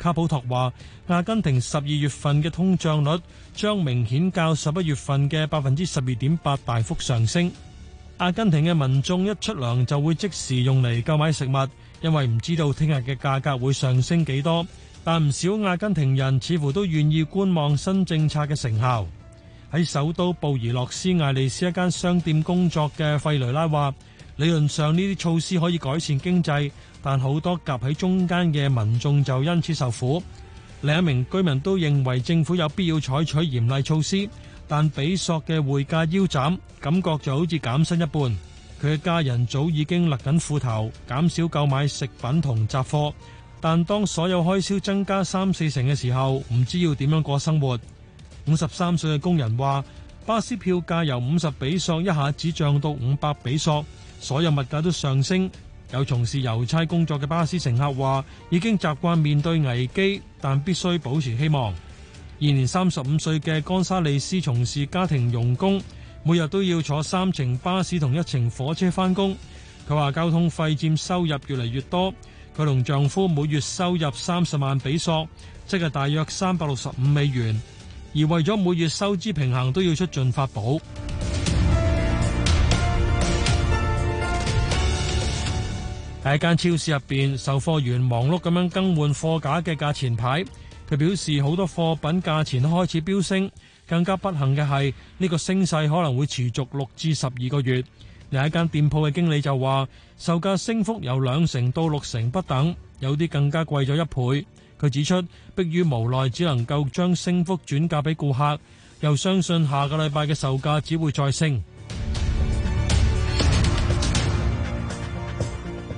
卡普托話阿根廷十二月份嘅通脹率將明顯較十一月份嘅百分之十二點八大幅上升。阿根廷嘅民眾一出糧就會即時用嚟購買食物，因為唔知道聽日嘅價格會上升幾多，但唔少阿根廷人似乎都願意觀望新政策嘅成效。喺首都布宜諾斯艾利斯一間商店工作嘅費雷拉話，理論上呢啲措施可以改善經濟，但好多夾喺中間嘅民眾就因此受苦。另一名居民都認為政府有必要採取嚴厲措施。但比索嘅匯價腰斬，感覺就好似減薪一半。佢嘅家人早已經勒緊褲頭，減少購買食品同雜貨。但當所有開銷增加三四成嘅時候，唔知要點樣過生活。五十三歲嘅工人話：巴士票價由五十比索一下子漲到五百比索，所有物價都上升。有從事郵差工作嘅巴士乘客話：已經習慣面對危機，但必須保持希望。現年三十五歲嘅江莎利斯從事家庭傭工，每日都要坐三程巴士同一程火車返工。佢話交通費佔收入越嚟越多，佢同丈夫每月收入三十萬比索，即係大約三百六十五美元，而為咗每月收支平衡，都要出盡法寶。喺一間超市入邊，售貨員忙碌咁樣更換貨架嘅價錢牌。佢表示好多貨品價錢開始飆升，更加不幸嘅係呢個升勢可能會持續六至十二個月。另一間店鋪嘅經理就話，售價升幅由兩成到六成不等，有啲更加貴咗一倍。佢指出，迫於無奈只能夠將升幅轉嫁俾顧客，又相信下個禮拜嘅售價只會再升。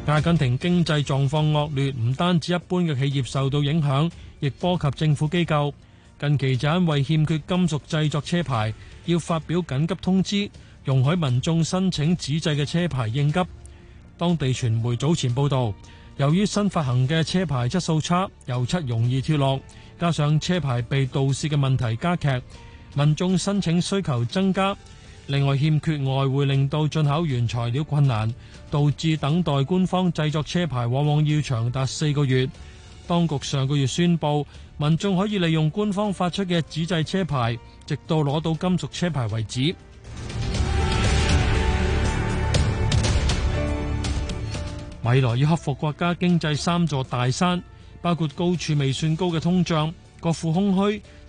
阿根廷經濟狀況惡劣，唔單止一般嘅企業受到影響，亦波及政府機構。近期就因為欠缺金屬製作車牌，要發表緊急通知，容許民眾申請紙製嘅車牌應急。當地傳媒早前報道，由於新發行嘅車牌質素差，油漆容易脱落，加上車牌被盜竊嘅問題加劇，民眾申請需求增加。另外，欠缺外匯令到進口原材料困難，導致等待官方製作車牌往往要長達四個月。當局上個月宣佈，民眾可以利用官方發出嘅紙製車牌，直到攞到金屬車牌為止。米萊要克服國家經濟三座大山，包括高處未算高嘅通脹，國庫空虛。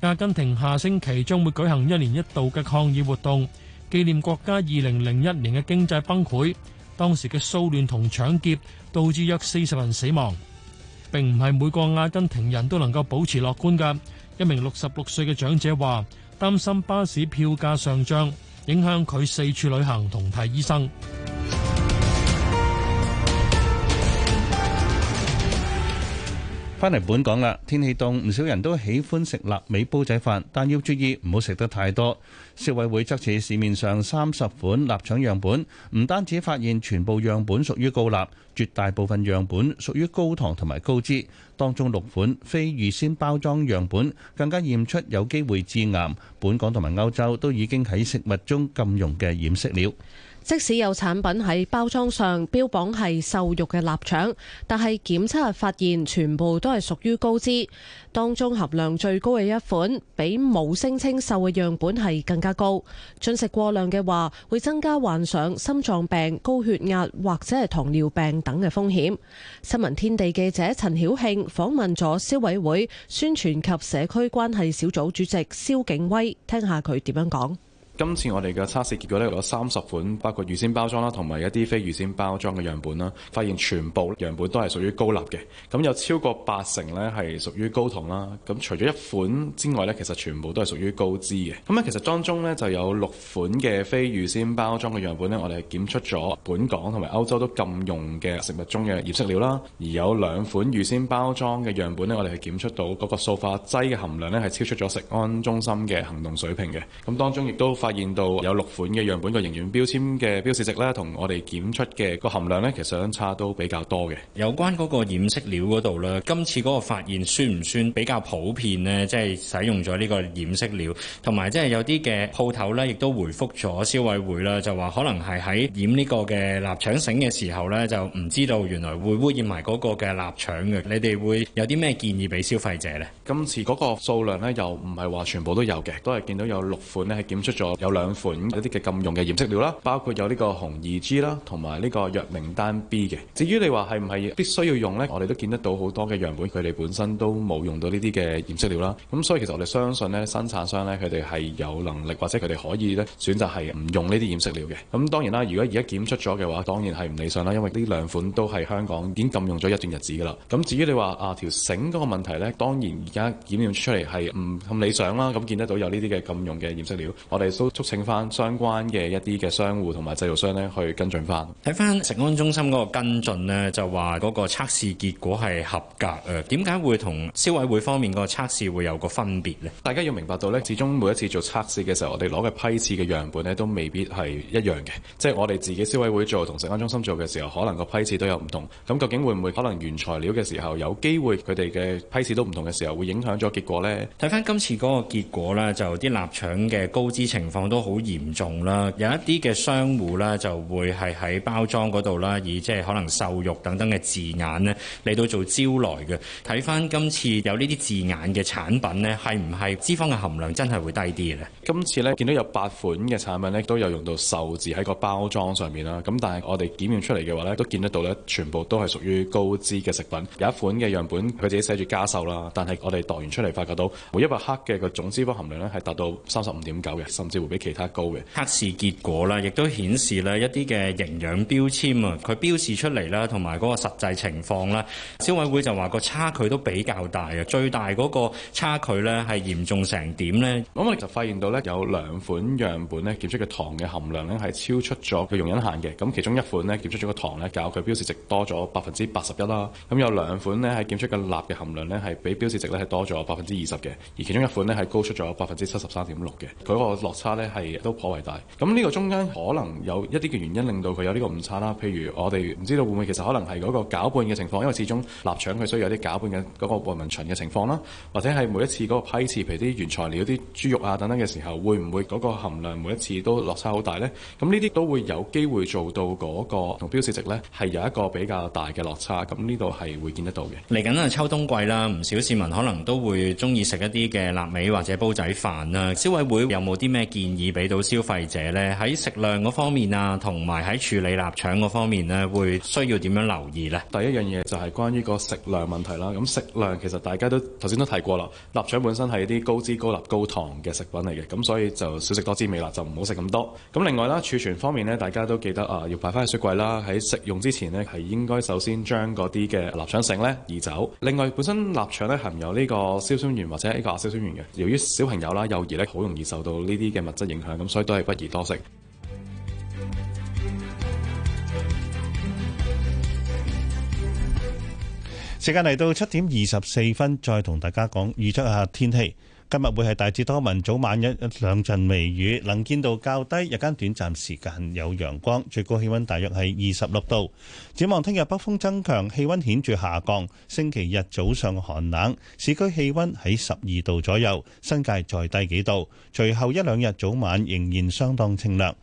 阿根廷下星期將會舉行一年一度嘅抗議活動，紀念國家二零零一年嘅經濟崩潰，當時嘅騷亂同搶劫導致約四十人死亡，並唔係每個阿根廷人都能夠保持樂觀噶。一名六十六歲嘅長者話，擔心巴士票價上漲，影響佢四處旅行同睇醫生。返嚟本港啦，天氣凍，唔少人都喜歡食臘味煲仔飯，但要注意唔好食得太多。消委會測試市面上三十款臘腸樣本，唔單止發現全部樣本屬於高鈉，絕大部分樣本屬於高糖同埋高脂，當中六款非預先包裝樣本更加驗出有機會致癌。本港同埋歐洲都已經喺食物中禁用嘅染色料。即使有產品喺包裝上標榜係瘦肉嘅臘腸，但係檢測發現全部都係屬於高脂，當中含量最高嘅一款比冇聲稱瘦嘅樣本係更加高。進食過量嘅話，會增加患上心臟病、高血壓或者係糖尿病等嘅風險。新聞天地記者陳曉慶訪問咗消委會宣傳及社區關係小組主席蕭景威，聽下佢點樣講。今次我哋嘅測試結果呢，有三十款包括預先包裝啦，同埋一啲非預先包裝嘅樣本啦，發現全部樣本都係屬於高鈉嘅。咁有超過八成呢係屬於高糖啦。咁除咗一款之外呢，其實全部都係屬於高脂嘅。咁咧其實當中呢就有六款嘅非預先包裝嘅樣本呢，我哋係檢出咗本港同埋歐洲都禁用嘅食物中嘅染色料啦。而有兩款預先包裝嘅樣本呢，我哋係檢出到嗰個塑化劑嘅含量呢，係超出咗食安中心嘅行動水平嘅。咁當中亦都發發現到有六款嘅樣本個營養標籤嘅標示值咧，同我哋檢出嘅個含量咧，其實相差都比較多嘅。有關嗰個染色料嗰度咧，今次嗰個發現算唔算比較普遍呢？即係、就是、使用咗呢個染色料，同埋即係有啲嘅鋪頭咧，亦都回覆咗消委會啦，就話可能係喺染呢個嘅臘腸繩嘅時候咧，就唔知道原來會污染埋嗰個嘅臘腸嘅。你哋會有啲咩建議俾消費者咧？今次嗰個數量咧，又唔係話全部都有嘅，都係見到有六款咧係檢出咗。有兩款一啲嘅禁用嘅染色料啦，包括有呢個紅二 G 啦，同埋呢個羅丹明 B 嘅。至於你話係唔係必須要用呢？我哋都見得到好多嘅樣本，佢哋本身都冇用到呢啲嘅染色料啦。咁所以其實我哋相信呢生產商呢，佢哋係有能力或者佢哋可以呢選擇係唔用呢啲染色料嘅。咁當然啦，如果而家檢出咗嘅話，當然係唔理想啦，因為呢兩款都係香港已經禁用咗一段日子噶啦。咁至於你話啊條繩嗰個問題咧，當然而家檢驗出嚟係唔咁理想啦，咁見得到有呢啲嘅禁用嘅染色料，我哋促請翻相關嘅一啲嘅商戶同埋製造商咧，去跟進翻。睇翻食安中心嗰個跟進呢，就話嗰個測試結果係合格啊。點解會同消委會方面個測試會有個分別呢？大家要明白到呢，始終每一次做測試嘅時候，我哋攞嘅批次嘅樣本呢，都未必係一樣嘅。即係我哋自己消委會做同食安中心做嘅時候，可能個批次都有唔同。咁究竟會唔會可能原材料嘅時候，有機會佢哋嘅批次都唔同嘅時候，會影響咗結果呢？睇翻今次嗰個結果呢，就啲臘腸嘅高脂情況。都好嚴重啦！有一啲嘅商戶啦，就會係喺包裝嗰度啦，以即係可能瘦肉等等嘅字眼咧嚟到做招來嘅。睇翻今次有呢啲字眼嘅產品咧，係唔係脂肪嘅含量真係會低啲咧？今次咧見到有八款嘅產品咧都有用到瘦字喺個包裝上面啦。咁但係我哋檢驗出嚟嘅話咧，都見得到咧，全部都係屬於高脂嘅食品。有一款嘅樣本佢自己寫住加瘦啦，但係我哋度完出嚟發覺到每一百克嘅個總脂肪含量咧係達到三十五點九嘅，甚至。會比其他高嘅測試結果啦，亦都顯示咧一啲嘅營養標籤啊，佢標示出嚟啦，同埋嗰個實際情況啦，消委會就話個差距都比較大啊，最大嗰個差距咧係嚴重成點咧，咁我哋就發現到咧有兩款樣本咧檢出嘅糖嘅含量咧係超出咗佢容忍限嘅，咁其中一款咧檢出咗個糖咧較佢標示值多咗百分之八十一啦，咁有兩款咧係檢出嘅鈉嘅含量咧係比標示值咧係多咗百分之二十嘅，而其中一款咧係高出咗百分之七十三點六嘅，佢嗰個落差咧係都頗為大，咁呢個中間可能有一啲嘅原因令到佢有呢個誤差啦。譬如我哋唔知道會唔會其實可能係嗰個攪拌嘅情況，因為始終臘腸佢需要有啲攪拌嘅嗰個混混綿嘅情況啦。或者係每一次嗰個批次，譬如啲原材料、啲豬肉啊等等嘅時候，會唔會嗰個含量每一次都落差好大呢？咁呢啲都會有機會做到嗰個同標示值呢係有一個比較大嘅落差。咁呢度係會見得到嘅。嚟緊啊，秋冬季啦，唔少市民可能都會中意食一啲嘅臘味或者煲仔飯啦、啊。消委會有冇啲咩建議？建議俾到消費者呢，喺食量嗰方面啊，同埋喺處理臘腸嗰方面呢，會需要點樣留意呢？第一樣嘢就係關於個食量問題啦。咁食量其實大家都頭先都提過啦，臘腸本身係啲高脂、高鈉、高糖嘅食品嚟嘅，咁所以就少食多滋味，就唔好食咁多。咁另外啦，儲存方面呢，大家都記得啊，要擺翻喺雪櫃啦。喺食用之前呢，係應該首先將嗰啲嘅臘腸繩呢移走。另外，本身臘腸呢含有呢個硝酸鹽或者呢個亞硝酸鹽嘅，由於小朋友啦、幼兒呢，好容易受到呢啲嘅。物質影響咁，所以都係不宜多食。時間嚟到七點二十四分，再同大家講預測下天氣。今日會係大致多雲，早晚一兩陣微雨，能見度較低，日間短暫時間有陽光，最高氣溫大約係二十六度。展望聽日北風增強，氣溫顯著下降，星期日早上寒冷，市區氣溫喺十二度左右，新界再低幾度。隨後一兩日早晚仍然相當清涼。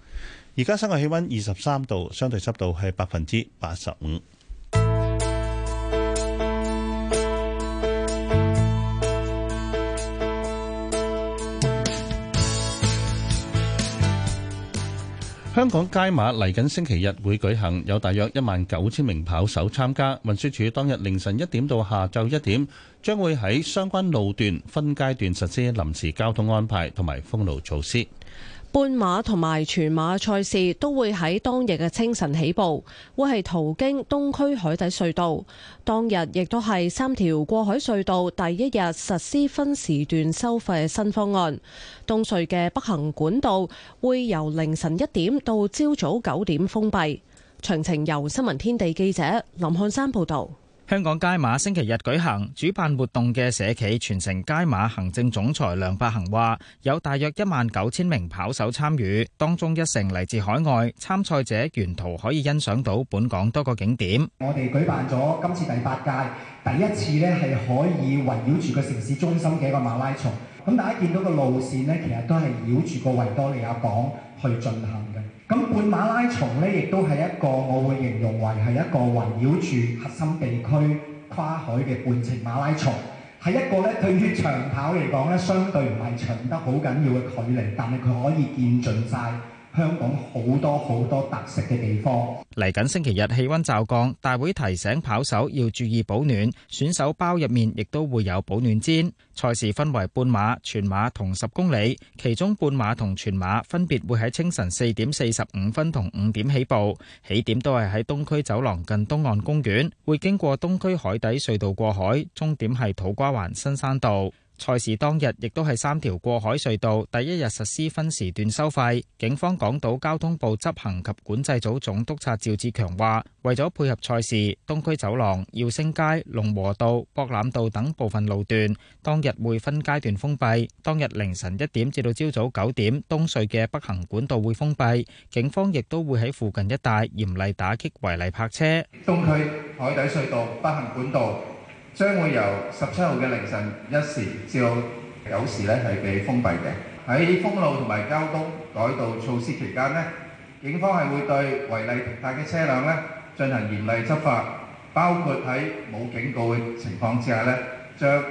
而家室外氣溫二十三度，相對濕度係百分之八十五。香港街馬嚟緊星期日會舉行，有大約一萬九千名跑手參加。運輸署當日凌晨一點到下晝一點，將會喺相關路段分階段實施臨時交通安排同埋封路措施。半馬同埋全馬賽事都會喺當日嘅清晨起步，會係途經東區海底隧道。當日亦都係三條過海隧道第一日實施分時段收費新方案。東隧嘅北行管道會由凌晨一點到朝早九點封閉。詳情由新聞天地記者林漢山報導。香港街馬星期日舉行，主辦活動嘅社企全城街馬行政總裁梁百行話：有大約一萬九千名跑手參與，當中一成嚟自海外。參賽者沿途可以欣賞到本港多個景點。我哋舉辦咗今次第八屆，第一次呢係可以圍繞住個城市中心嘅一個馬拉松。咁大家見到個路線呢，其實都係繞住個維多利亞港去進行嘅。咁半馬拉松呢，亦都係一個我會形容為係一個圍繞住核心地區跨海嘅半程馬拉松，係一個呢對於長跑嚟講呢，相對唔係長得好緊要嘅距離，但係佢可以見盡晒。香港好多好多特色嘅地方。嚟緊星期日氣溫驟降，大會提醒跑手要注意保暖。選手包入面亦都會有保暖氈。賽事分為半馬、全馬同十公里，其中半馬同全馬分別會喺清晨四點四十五分同五點起步，起點都係喺東區走廊近東岸公園，會經過東區海底隧道過海，終點係土瓜灣新山道。賽事當日亦都係三條過海隧道第一日實施分時段收費。警方港島交通部執行及管制組總督察趙志強話為咗配合賽事，東區走廊、耀星街、龍和道、博覽道等部分路段當日會分階段封閉。當日凌晨一點至到朝早九點，東隧嘅北行管道會封閉。警方亦都會喺附近一帶嚴厲打擊違例泊車。東區海底隧道北行管道將會由十七號嘅凌晨一時至到九時咧，係被封閉嘅。喺封路同埋交通改道措施期間咧，警方係會對違例停泊嘅車輛咧進行嚴厲執法，包括喺冇警告嘅情況之下咧，將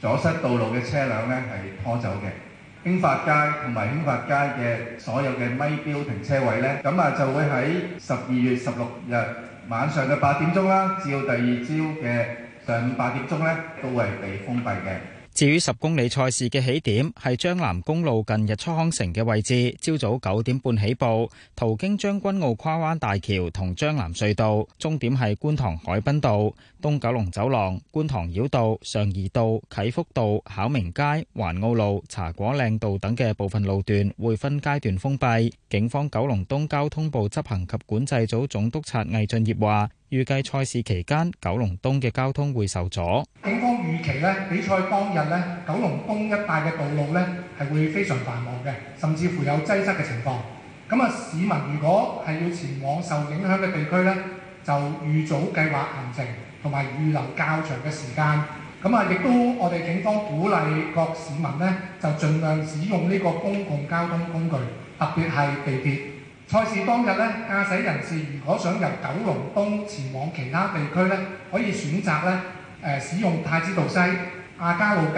阻塞道路嘅車輛咧係拖走嘅。興發街同埋興發街嘅所有嘅咪標停車位咧，咁啊就會喺十二月十六日晚上嘅八點鐘啦，至到第二朝嘅上午八點鐘呢，都係被封閉嘅。至於十公里賽事嘅起點係將南公路近日初康城日出康城嘅位置，朝早九點半起步，途經將軍澳跨灣大橋同將南隧道，終點係觀塘海濱道、東九龍走廊、觀塘繞道、上怡道、啟福道、考明街、環澳路、茶果嶺道等嘅部分路段會分階段封閉。警方九龍東交通部執行及管制組總督察魏俊業話。預計賽事期間，九龍東嘅交通會受阻。警方預期咧，比賽當日咧，九龍東一帶嘅道路咧係會非常繁忙嘅，甚至乎有擠塞嘅情況。咁啊，市民如果係要前往受影響嘅地區咧，就預早計劃行程同埋預留較長嘅時間。咁啊，亦都我哋警方鼓勵各市民咧，就盡量使用呢個公共交通工具，特別係地鐵。賽事當日呢，駕駛人士如果想由九龍東前往其他地區呢，可以選擇呢、呃，使用太子道西、亞加路街、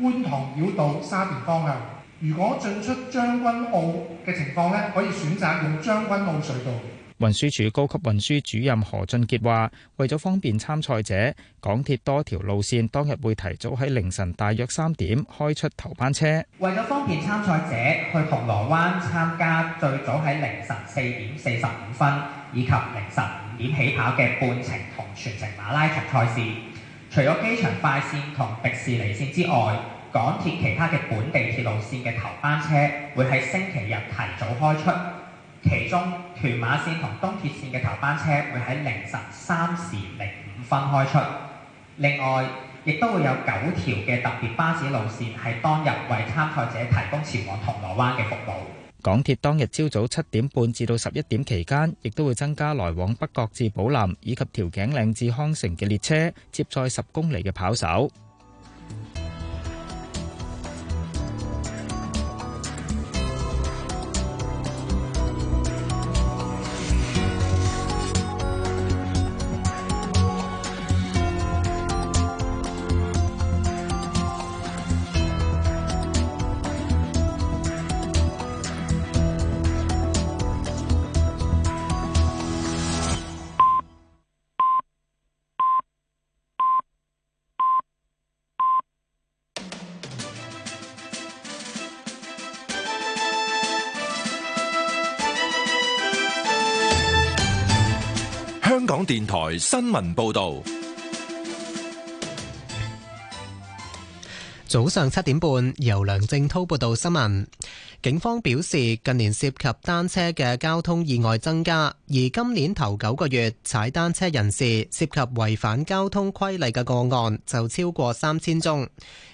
觀塘繞道、沙田方向。如果進出將軍澳嘅情況呢，可以選擇用將軍澳隧道。運輸署高級運輸主任何俊杰話：為咗方便參賽者，港鐵多條路線當日會提早喺凌晨大約三點開出頭班車。為咗方便參賽者去銅鑼灣參加最早喺凌晨四點四十五分以及凌晨五點起跑嘅半程同全程馬拉松賽事，除咗機場快線同迪士尼線之外，港鐵其他嘅本地鐵路線嘅頭班車會喺星期日提早開出。其中屯馬線同東鐵線嘅頭班車會喺凌晨三時零五分開出，另外亦都會有九條嘅特別巴士路線係當日為參賽者提供前往銅鑼灣嘅服務。港鐵當日朝早七點半至到十一點期間，亦都會增加來往北角至寶林以及調景嶺至康城嘅列車，接載十公里嘅跑手。新聞報道。早上七點半，由梁正濤報道新聞。警方表示，近年涉及單車嘅交通意外增加，而今年頭九個月，踩單車人士涉及違反交通規例嘅個案就超過三千宗。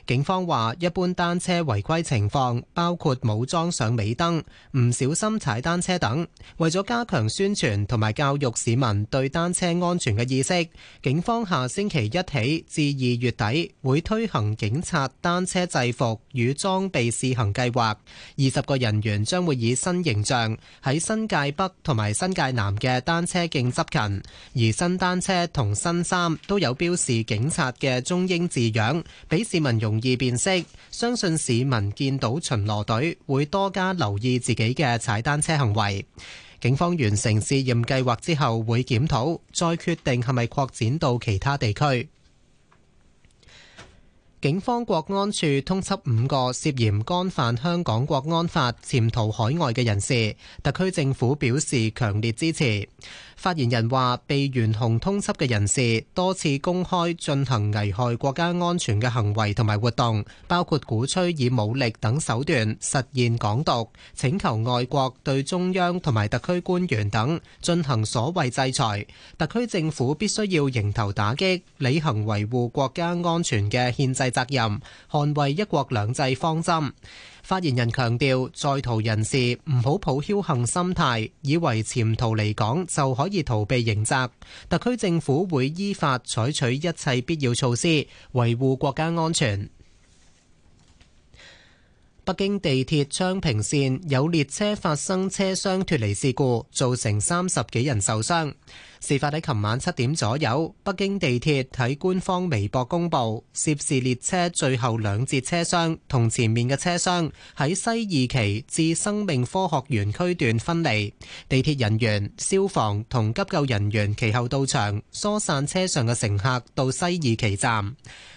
警方話，一般單車違規情況包括冇裝上尾燈、唔小心踩單車等。為咗加強宣傳同埋教育市民對單車安全嘅意識，警方下星期一起至二月底會推行警察單車制服與裝備試行計劃。二十個人員將會以新形象喺新界北同埋新界南嘅單車徑執勤，而新單車同新衫都有標示警察嘅中英字樣，俾市民用，容易辨識，相信市民見到巡邏隊會多加留意自己嘅踩單車行為。警方完成試驗計劃之後，會檢討再決定係咪擴展到其他地區。警方國安處通緝五個涉嫌干犯香港國安法潛逃海外嘅人士，特區政府表示強烈支持。發言人話：被懸紅通緝嘅人士多次公開進行危害國家安全嘅行為同埋活動，包括鼓吹以武力等手段實現港獨，請求外國對中央同埋特區官員等進行所謂制裁。特區政府必須要迎頭打擊，履行維護國家安全嘅憲制責任，捍衛一國兩制方針。發言人強調，在逃人士唔好抱僥幸心態，以為潛逃離港就可以逃避刑責。特區政府會依法採取一切必要措施，維護國家安全。北京地鐵昌平線有列車發生車廂脫離事故，造成三十幾人受傷。事發喺琴晚七點左右，北京地鐵喺官方微博公布，涉事列車最後兩節車廂同前面嘅車廂喺西二旗至生命科學園區段分離。地鐵人員、消防同急救人員其後到場疏散車上嘅乘客到西二旗站。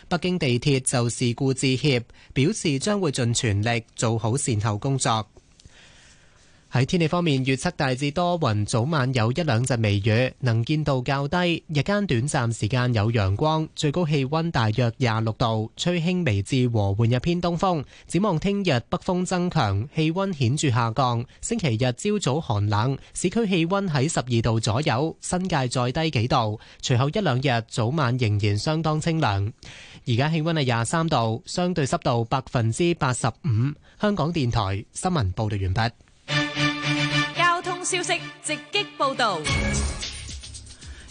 北京地鐵就事故致歉，表示將會盡全力做好善後工作。喺天氣方面，預測大致多雲，早晚有一兩陣微雨，能見度較低。日間短暫時間有陽光，最高氣溫大約廿六度，吹輕微至和緩日偏東風。展望聽日北風增強，氣溫顯著下降。星期日朝早寒冷，市區氣溫喺十二度左右，新界再低幾度。隨後一兩日早晚仍然相當清涼。而家氣溫係廿三度，相對濕度百分之八十五。香港電台新聞報道完畢。交通消息直擊報道。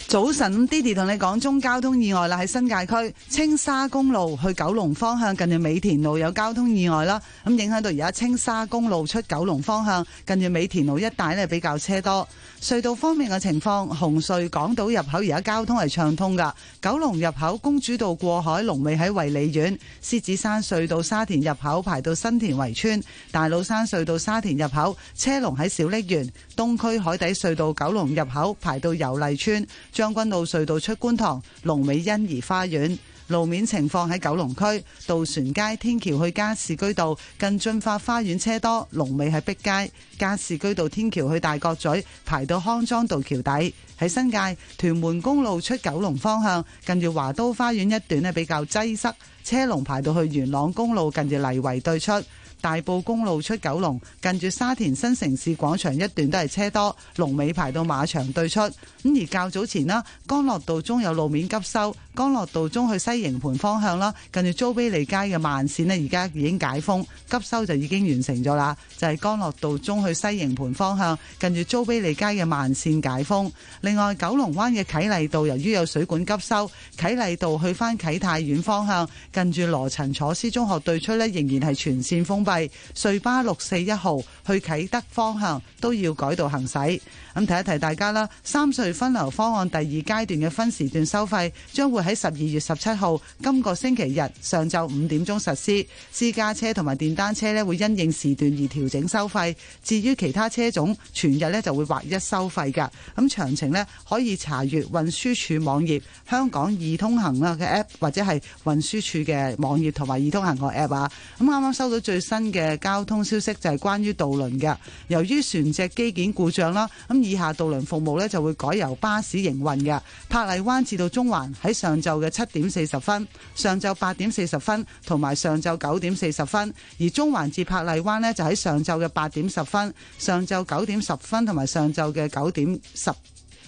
早晨，Didi 同你講中交通意外啦，喺新界區青沙公路去九龍方向，近住美田路有交通意外啦。咁影響到而家青沙公路出九龍方向，近住美田路一帶呢，比較車多。.隧道方面嘅情況，紅隧港島入口而家交通係暢通噶，九龍入口公主道過海龍尾喺衛理苑，獅子山隧道沙田入口排到新田圍村，大老山隧道沙田入口車龍喺小瀝源，東區海底隧道九龍入口排到油麗邨，將軍澳隧道出觀塘龍尾欣怡花園。路面情況喺九龍區渡船街天橋去加士居道近進發花園車多，龍尾喺碧街；加士居道天橋去大角咀排到康莊道橋底。喺新界屯門公路出九龍方向，近住華都花園一段呢比較擠塞，車龍排到去元朗公路近住泥圍對出；大埔公路出九龍近住沙田新城市廣場一段都係車多，龍尾排到馬場對出。咁而較早前啦，江樂道中有路面急修。干諾道中去西營盤方向啦，近住租庇利街嘅慢線咧，而家已經解封，急修就已經完成咗啦。就係干諾道中去西營盤方向，近住租庇利街嘅慢線解封。另外，九龍灣嘅啟禮道由於有水管急修，啟禮道去翻啟泰苑方向，近住羅陳楚斯中學對出咧，仍然係全線封閉。隧巴六四一號去啟德方向都要改道行駛。咁提一提大家啦，三隧分流方案第二階段嘅分時段收費，將會喺十二月十七號今個星期日上晝五點鐘實施。私家車同埋電單車咧，會因應時段而調整收費，至於其他車種全日咧就會劃一收費噶。咁詳情咧可以查閱運輸署網頁、香港易通行啊嘅 app 或者係運輸署嘅網頁同埋易通行個 app 啊。咁啱啱收到最新嘅交通消息就係關於渡輪嘅，由於船隻機件故障啦，咁。以下渡輪服務呢就會改由巴士營運嘅，柏麗灣至到中環喺上晝嘅七點四十分、上晝八點四十分同埋上晝九點四十分，而中環至柏麗灣呢，就喺上晝嘅八點十分、上晝九點十分同埋上晝嘅九點十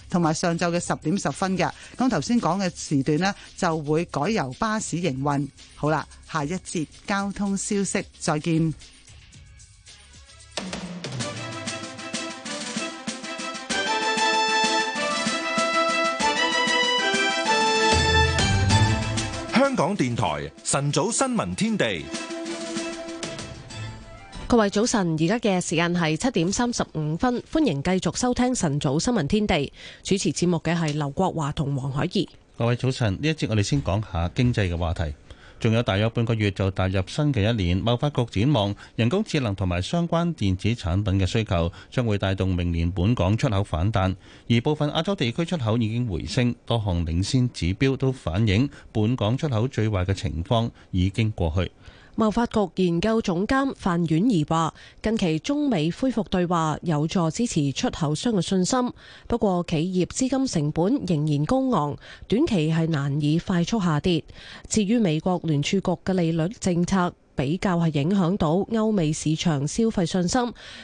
同埋上晝嘅十點十分嘅。咁頭先講嘅時段呢，就會改由巴士營運。好啦，下一節交通消息，再見。香港電台晨早新聞天地，各位早晨，而家嘅時間係七點三十五分，歡迎繼續收聽晨早新聞天地。主持節目嘅係劉國華同黃海怡。各位早晨，呢一節我哋先講下經濟嘅話題。仲有大約半個月就踏入新嘅一年，貿發局展望人工智能同埋相關電子產品嘅需求，將會帶動明年本港出口反彈，而部分亞洲地區出口已經回升，多項領先指標都反映本港出口最壞嘅情況已經過去。貿發局研究總監范婉儀話：近期中美恢復對話有助支持出口商嘅信心，不過企業資金成本仍然高昂，短期係難以快速下跌。至於美國聯儲局嘅利率政策，比較係影響到歐美市場消費信心。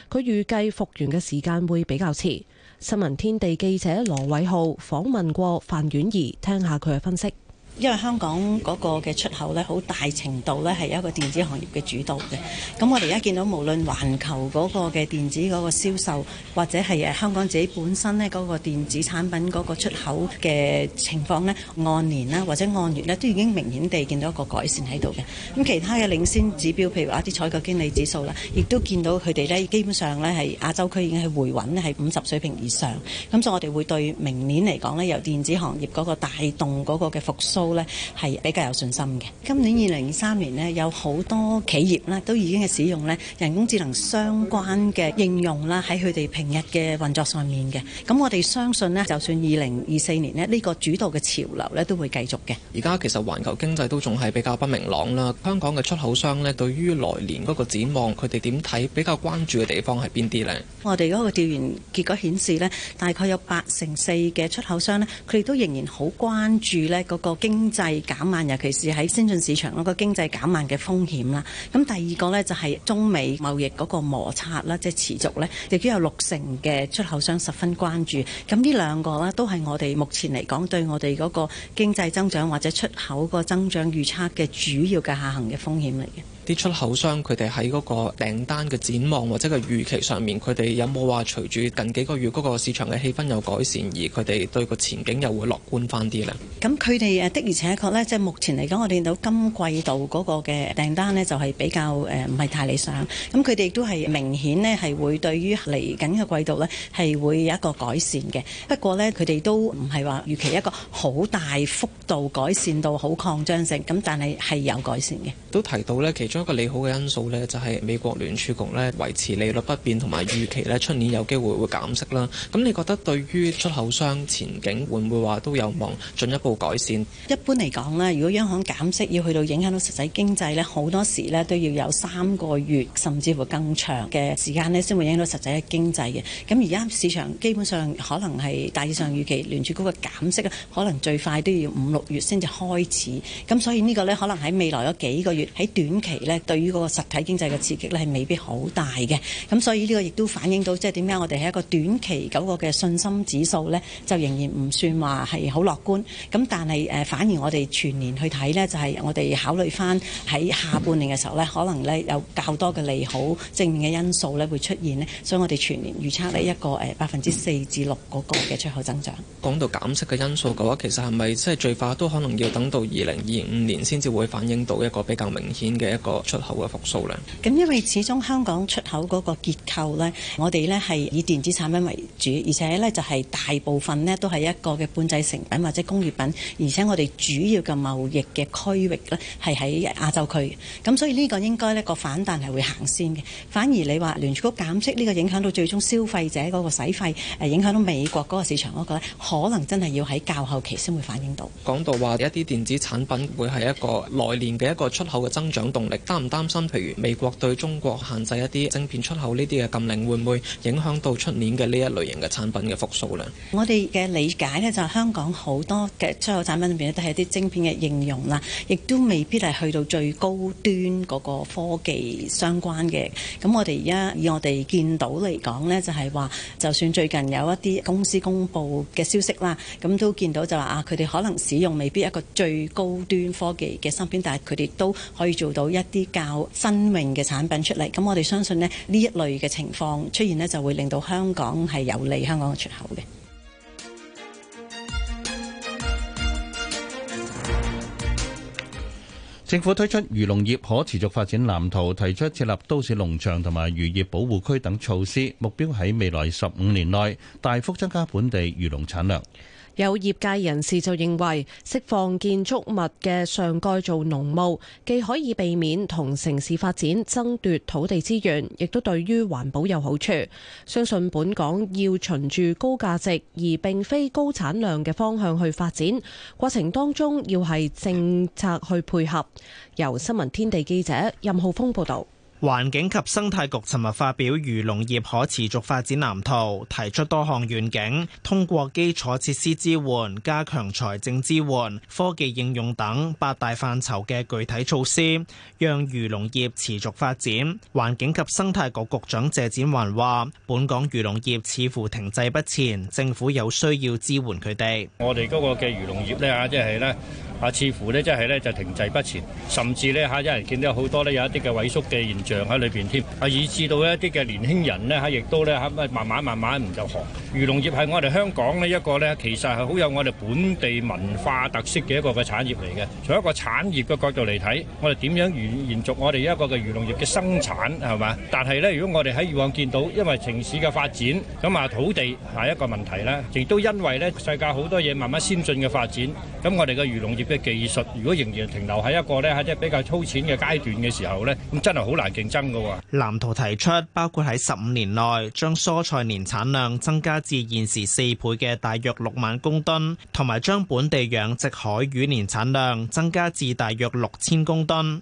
佢預計復原嘅時間會比較遲。新聞天地記者羅偉浩訪問過范婉儀，聽下佢嘅分析。因為香港嗰個嘅出口咧，好大程度咧係一個電子行業嘅主導嘅。咁我哋而家見到無論環球嗰個嘅電子嗰個銷售，或者係誒香港自己本身呢嗰個電子產品嗰個出口嘅情況咧，按年啦或者按月咧，都已經明顯地見到一個改善喺度嘅。咁其他嘅領先指標，譬如話一啲採購經理指數啦，亦都見到佢哋呢基本上咧係亞洲區已經係回穩咧係五十水平以上。咁所以我哋會對明年嚟講呢由電子行業嗰個帶動嗰個嘅復甦，都係比較有信心嘅。今年二零二三年呢，有好多企業呢都已經係使用呢人工智能相關嘅應用啦，喺佢哋平日嘅運作上面嘅。咁我哋相信呢，就算二零二四年呢，呢個主導嘅潮流呢都會繼續嘅。而家其實環球經濟都仲係比較不明朗啦。香港嘅出口商呢，對於來年嗰個展望，佢哋點睇？比較關注嘅地方係邊啲呢？我哋嗰個調研結果顯示呢，大概有八成四嘅出口商呢，佢哋都仍然好關注呢個經。經濟減慢，尤其是喺先進市場嗰個經濟減慢嘅風險啦。咁第二個呢，就係中美貿易嗰個摩擦啦，即係持續呢，亦都有六成嘅出口商十分關注。咁呢兩個呢，都係我哋目前嚟講對我哋嗰個經濟增長或者出口嗰個增長預測嘅主要嘅下行嘅風險嚟嘅。啲出口商佢哋喺嗰個訂單嘅展望或者個預期上面，佢哋有冇話隨住近幾個月嗰個市場嘅氣氛有改善，而佢哋對個前景又會樂觀翻啲咧？咁佢哋誒的而且確咧，即係目前嚟講，我哋見到今季度嗰個嘅訂單咧就係比較誒唔係太理想。咁佢哋亦都係明顯咧係會對於嚟緊嘅季度咧係會有一個改善嘅。不過咧，佢哋都唔係話預期一個好大幅度改善到好擴張性，咁但係係有改善嘅。都提到咧其中，一個利好嘅因素呢，就係美國聯儲局呢維持利率不變，同埋預期呢出年有機會會減息啦。咁你覺得對於出口商前景會唔會話都有望進一步改善？一般嚟講呢，如果央行減息要去到影響到實體經濟呢，好多時呢都要有三個月甚至乎更長嘅時間呢，先會影響到實體嘅經濟嘅。咁而家市場基本上可能係大致上預期聯儲局嘅減息可能最快都要五六月先至開始。咁所以呢個呢，可能喺未來嗰幾個月喺短期。咧對於嗰個實體經濟嘅刺激咧，係未必好大嘅。咁所以呢個亦都反映到即係點解我哋係一個短期嗰個嘅信心指數呢，就仍然唔算話係好樂觀。咁但係誒、呃，反而我哋全年去睇呢，就係、是、我哋考慮翻喺下半年嘅時候呢，可能呢有較多嘅利好正面嘅因素呢會出現咧。所以我哋全年預測呢一個誒百分之四至六嗰個嘅出口增長。講到減息嘅因素嘅話，其實係咪即係最快都可能要等到二零二五年先至會反映到一個比較明顯嘅一個，出口嘅復甦呢？咁因為始終香港出口嗰個結構呢，我哋呢係以電子產品為主，而且呢就係大部分呢都係一個嘅半製成品或者工業品，而且我哋主要嘅貿易嘅區域呢係喺亞洲區，咁所以呢個應該呢個反彈係會行先嘅。反而你話聯儲局減息呢個影響到最終消費者嗰個使費，影響到美國嗰個市場嗰個呢，可能真係要喺較後期先會反映到。講到話一啲電子產品會係一個來年嘅一個出口嘅增長動力。擔唔擔心？譬如美國對中國限制一啲芯片出口呢啲嘅禁令，會唔會影響到出年嘅呢一類型嘅產品嘅復蘇咧？我哋嘅理解咧，就係香港好多嘅出口產品裏面咧，都係一啲晶片嘅應用啦，亦都未必係去到最高端嗰個科技相關嘅。咁我哋而家以我哋見到嚟講咧，就係話就算最近有一啲公司公布嘅消息啦，咁都見到就話啊，佢哋可能使用未必一個最高端科技嘅芯片，但係佢哋都可以做到一。啲較新穎嘅產品出嚟，咁我哋相信呢呢一類嘅情況出現呢，就會令到香港係有利香港嘅出口嘅。政府推出漁農業可持續發展藍圖，提出設立都市農場同埋漁業保護區等措施，目標喺未來十五年內大幅增加本地漁農產量。有業界人士就認為，釋放建築物嘅上蓋做農務，既可以避免同城市發展爭奪土地資源，亦都對於環保有好處。相信本港要循住高價值而並非高產量嘅方向去發展，過程當中要係政策去配合。由新聞天地記者任浩峰報導。環境及生態局尋日發表《漁農業可持續發展藍圖》，提出多項願景，通過基礎設施支援、加強財政支援、科技應用等八大範疇嘅具體措施，讓漁農業持續發展。環境及生態局局長謝展寰話，本港漁農業似乎停滯不前，政府有需要支援佢哋。我哋嗰個嘅漁農業呢，即係呢，啊、就是，似乎呢，即係呢，就停滯不前，甚至呢，吓有人見到好多呢，有一啲嘅萎縮嘅現像喺裏邊添，啊以至到一啲嘅年輕人咧，喺亦都咧，喺咁慢慢慢慢唔就學漁農業係我哋香港咧一個咧，其實係好有我哋本地文化特色嘅一個嘅產業嚟嘅。從一個產業嘅角度嚟睇，我哋點樣延延續我哋一個嘅漁農業嘅生產係嘛？但係咧，如果我哋喺以往見到，因為城市嘅發展，咁啊土地係一個問題啦，亦都因為咧世界好多嘢慢慢先進嘅發展，咁我哋嘅漁農業嘅技術，如果仍然停留喺一個咧喺啲比較粗淺嘅階段嘅時候咧，咁真係好難。認真嘅喎，藍圖提出包括喺十五年內將蔬菜年產量增加至現時四倍嘅大約六萬公噸，同埋將本地養殖海魚年產量增加至大約六千公噸。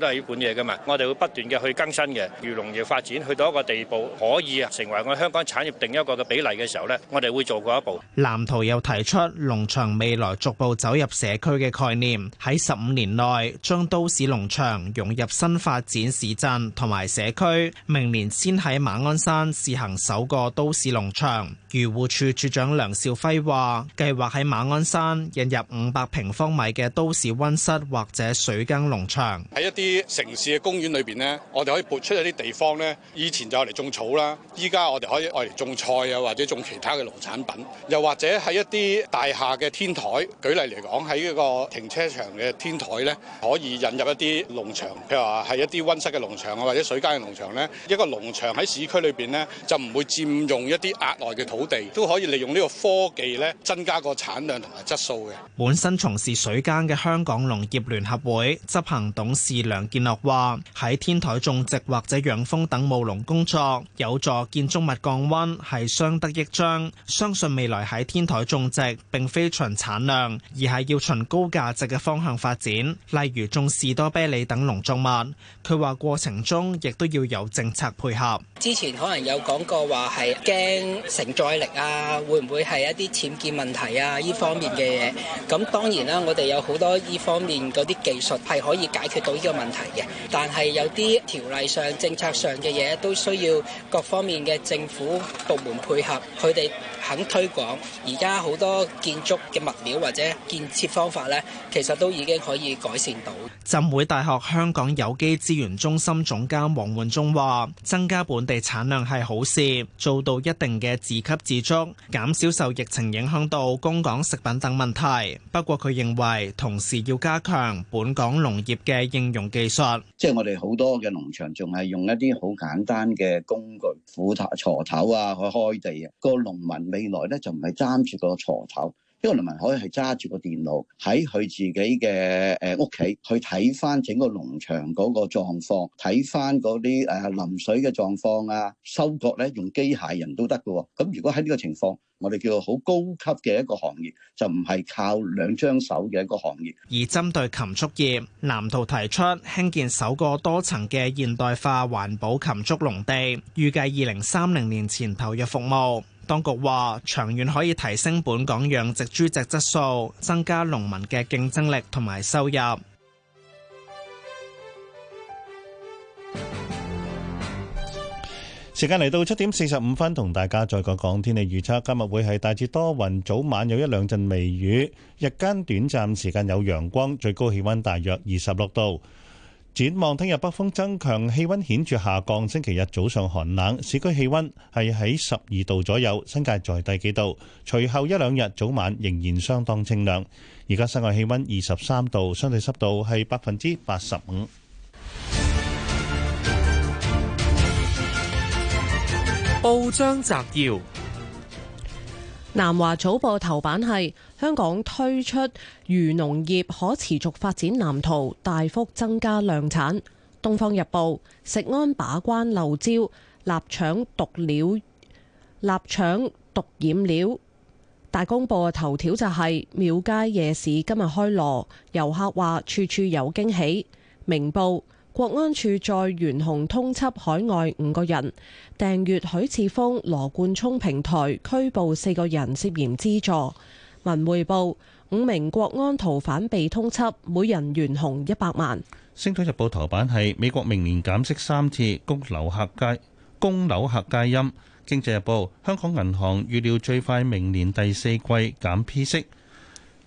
都係要管嘢噶嘛，我哋會不斷嘅去更新嘅，如農業發展去到一個地步可以啊成為我香港產業定一個嘅比例嘅時候呢，我哋會做嗰一步。藍圖又提出農場未來逐步走入社區嘅概念，喺十五年內將都市農場融入新發展市鎮同埋社區。明年先喺馬鞍山試行首個都市農場。漁護署署長梁兆輝話：計劃喺馬鞍山引入五百平方米嘅都市溫室或者水耕農場。喺一啲城市嘅公園裏邊咧，我哋可以撥出一啲地方咧，以前就嚟種草啦，依家我哋可以愛嚟種菜啊，或者種其他嘅農產品，又或者喺一啲大廈嘅天台，舉例嚟講喺呢個停車場嘅天台咧，可以引入一啲農場，譬如話係一啲溫室嘅農場啊，或者水耕嘅農場咧。一個農場喺市區裏邊咧，就唔會佔用一啲額外嘅土。土地都可以利用呢個科技咧，增加個產量同埋質素嘅。本身從事水耕嘅香港農業聯合會執行董事梁建樂話：喺天台種植或者養蜂等務農工作，有助建築物降溫，係相得益彰。相信未來喺天台種植並非循產量，而係要循高價值嘅方向發展，例如種士多啤梨等農作物。佢話過程中亦都要有政策配合。之前可能有講過話係驚承載。威力啊，會唔會係一啲僭建問題啊？依方面嘅嘢，咁當然啦，我哋有好多依方面嗰啲技術係可以解決到依個問題嘅。但係有啲條例上、政策上嘅嘢都需要各方面嘅政府部門配合，佢哋肯推廣。而家好多建築嘅物料或者建設方法咧，其實都已經可以改善到。浸會大學香港有機資源中心總監黃煥忠話：增加本地產量係好事，做到一定嘅自給。自足，減少受疫情影響到供港食品等問題。不過佢認為，同時要加強本港農業嘅應用技術。即係我哋好多嘅農場仲係用一啲好簡單嘅工具，斧 頭、鋤頭啊去開地啊。個農民未來咧就唔係攬住個鋤頭。 呢個農民可以係揸住個電腦喺佢自己嘅誒屋企去睇翻整個農場嗰個狀況，睇翻嗰啲誒淋水嘅狀況啊，收割咧用機械人都得㗎喎。咁如果喺呢個情況，我哋叫做好高級嘅一個行業，就唔係靠兩張手嘅一個行業。而針對禽畜業，藍圖提出興建首個多層嘅現代化環保禽畜農地，預計二零三零年前投入服務。當局話，長遠可以提升本港養殖豬隻質素，增加農民嘅競爭力同埋收入。時間嚟到七點四十五分，同大家再講講天氣預測。今日會係大致多雲，早晚有一兩陣微雨，日間短暫時間有陽光，最高氣溫大約二十六度。展望聽日北風增強，氣溫顯著下降。星期日早上寒冷，市區氣溫係喺十二度左右，新界再低幾度。隨後一兩日早晚仍然相當清涼。而家室外氣溫二十三度，相對濕度係百分之八十五。報章摘要：南華早報頭版係。香港推出漁農業可持續發展藍圖，大幅增加量產。東方日報食安把關漏招，臘腸毒料、臘腸毒染料。大公報嘅頭條就係、是、廟街夜市今日開鑼，遊客話處處有驚喜。《明報》國安處再懸紅通緝海外五個人，訂閱許智峰羅冠聰平台拘捕四個人涉嫌資助。文匯報：五名國安逃犯被通緝，每人懸紅一百萬。星島日報頭版係美國明年減息三次供樓，供樓客階供樓客皆陰。經濟日報：香港銀行預料最快明年第四季減 P 息。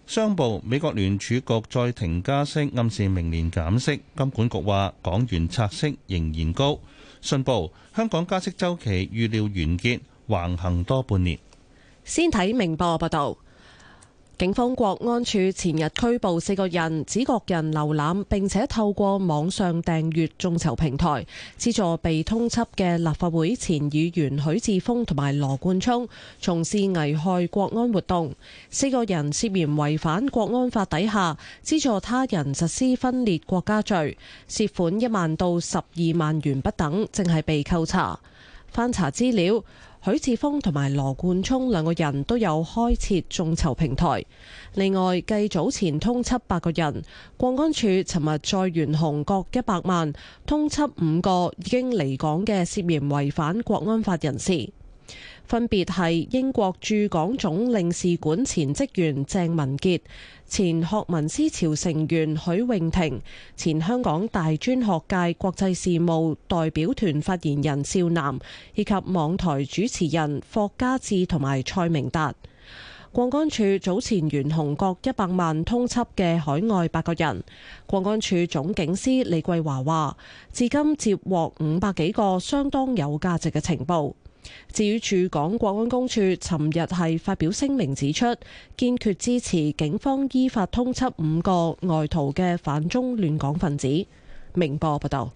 商報：美國聯儲局再停加息，暗示明年減息。金管局話港元拆息仍然高。信報：香港加息周期預料完結，橫行多半年。先睇明報報道。警方國安處前日拘捕四個人，指各人瀏覽並且透過網上訂閱眾籌平台，資助被通緝嘅立法會前議員許智峯同埋羅冠聰從事危害國安活動。四個人涉嫌違反國安法底下資助他人實施分裂國家罪，涉款一萬到十二萬元不等，正係被扣查。翻查資料。許智峰同埋羅冠聰兩個人都有開設眾籌平台。另外，繼早前通緝八個人，國安處尋日再懸紅各一百萬，通緝五個已經離港嘅涉嫌違反國安法人士，分別係英國駐港總領事館前職員鄭文傑。前學民思潮成員許穎婷、前香港大專學界國際事務代表團發言人邵嵐，以及網台主持人霍嘉誌同埋蔡明達，國安處早前懸紅各一百萬通緝嘅海外八個人。國安處總警司李桂華話，至今接獲五百幾個相當有價值嘅情報。至於駐港國安公署，尋日係發表聲明指出，堅決支持警方依法通緝五個外逃嘅反中亂港分子。明波報道。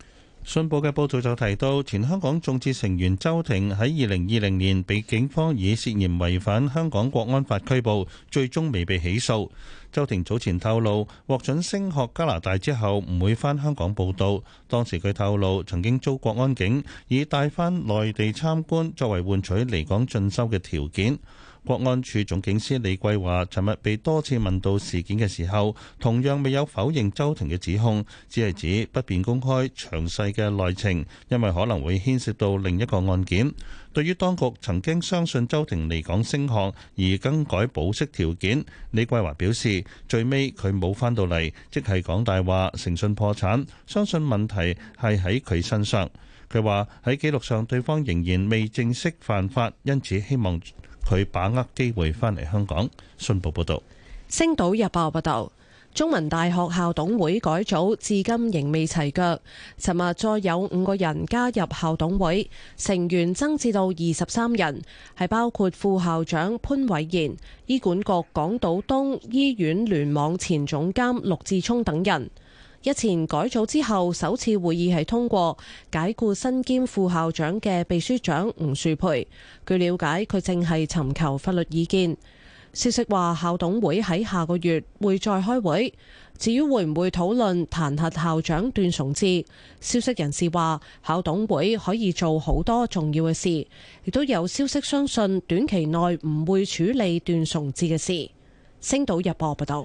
信報嘅報道就提到，前香港眾志成員周庭喺二零二零年被警方以涉嫌違反香港國安法拘捕，最終未被起訴。周庭早前透露，獲准升學加拿大之後，唔會返香港報道。當時佢透露，曾經遭國安警以帶返內地參觀作為換取離港進修嘅條件。國安處總警司李桂華尋日被多次問到事件嘅時候，同樣未有否認周庭嘅指控，只係指不便公開詳細嘅內情，因為可能會牽涉到另一個案件。對於當局曾經相信周庭嚟港升學而更改保釋條件，李桂華表示，最尾佢冇返到嚟，即係講大話，誠信破產，相信問題係喺佢身上。佢話喺記錄上，對方仍然未正式犯法，因此希望。佢把握機會返嚟香港。信報報導，星島日報報道，中文大學校董會改組至今仍未齊腳。尋日再有五個人加入校董會，成員增至到二十三人，係包括副校長潘偉賢、醫管局港島東醫院聯網前總監陸志聰等人。日前改組之後，首次會議係通過解雇身兼副校長嘅秘書長吳樹培。據了解，佢正係尋求法律意見。消息話，校董會喺下個月會再開會，至於會唔會討論彈劾校長段崇智。消息人士話，校董會可以做好多重要嘅事，亦都有消息相信短期內唔會處理段崇智嘅事。星島日報報道。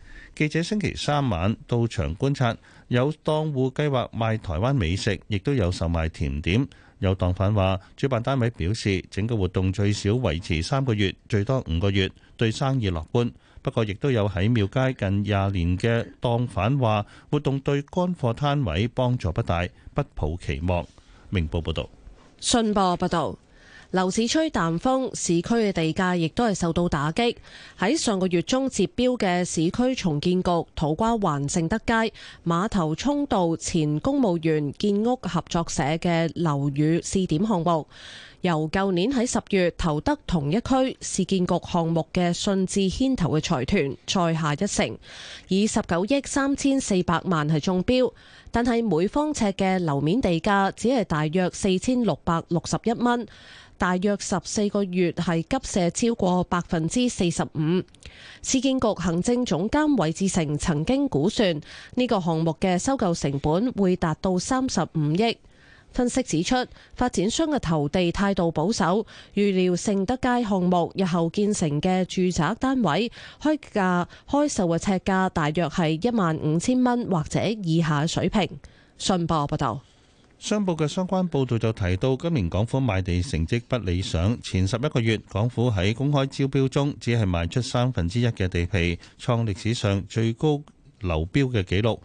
記者星期三晚到場觀察，有檔戶計劃賣賣台灣美食，亦都有售賣甜點。有檔販話主辦單位表示，整個活動最少維持三個月，最多五個月，對生意樂觀。不過，亦都有喺廟街近廿年嘅檔販話活動對乾貨攤位幫助不大，不抱期望。明報報道，信報報道。樓市吹淡風，市區嘅地價亦都係受到打擊。喺上個月中接標嘅市區重建局土瓜灣盛德街馬頭涌道前公務員建屋合作社嘅樓宇試點項目，由舊年喺十月投得同一區市建局項目嘅順智牽頭嘅財團再下一城，以十九億三千四百萬係中標，但係每方尺嘅樓面地價只係大約四千六百六十一蚊。大約十四個月係急射超過百分之四十五。市建局行政總監韋志成曾經估算呢、這個項目嘅收購成本會達到三十五億。分析指出，發展商嘅投地態度保守，預料盛德街項目日後建成嘅住宅單位開價開售嘅尺價大約係一萬五千蚊或者以下水平。信報報道。商報嘅相關報導就提到，今年港府賣地成績不理想，前十一個月港府喺公開招標中只係賣出三分之一嘅地皮，創歷史上最高流標嘅紀錄。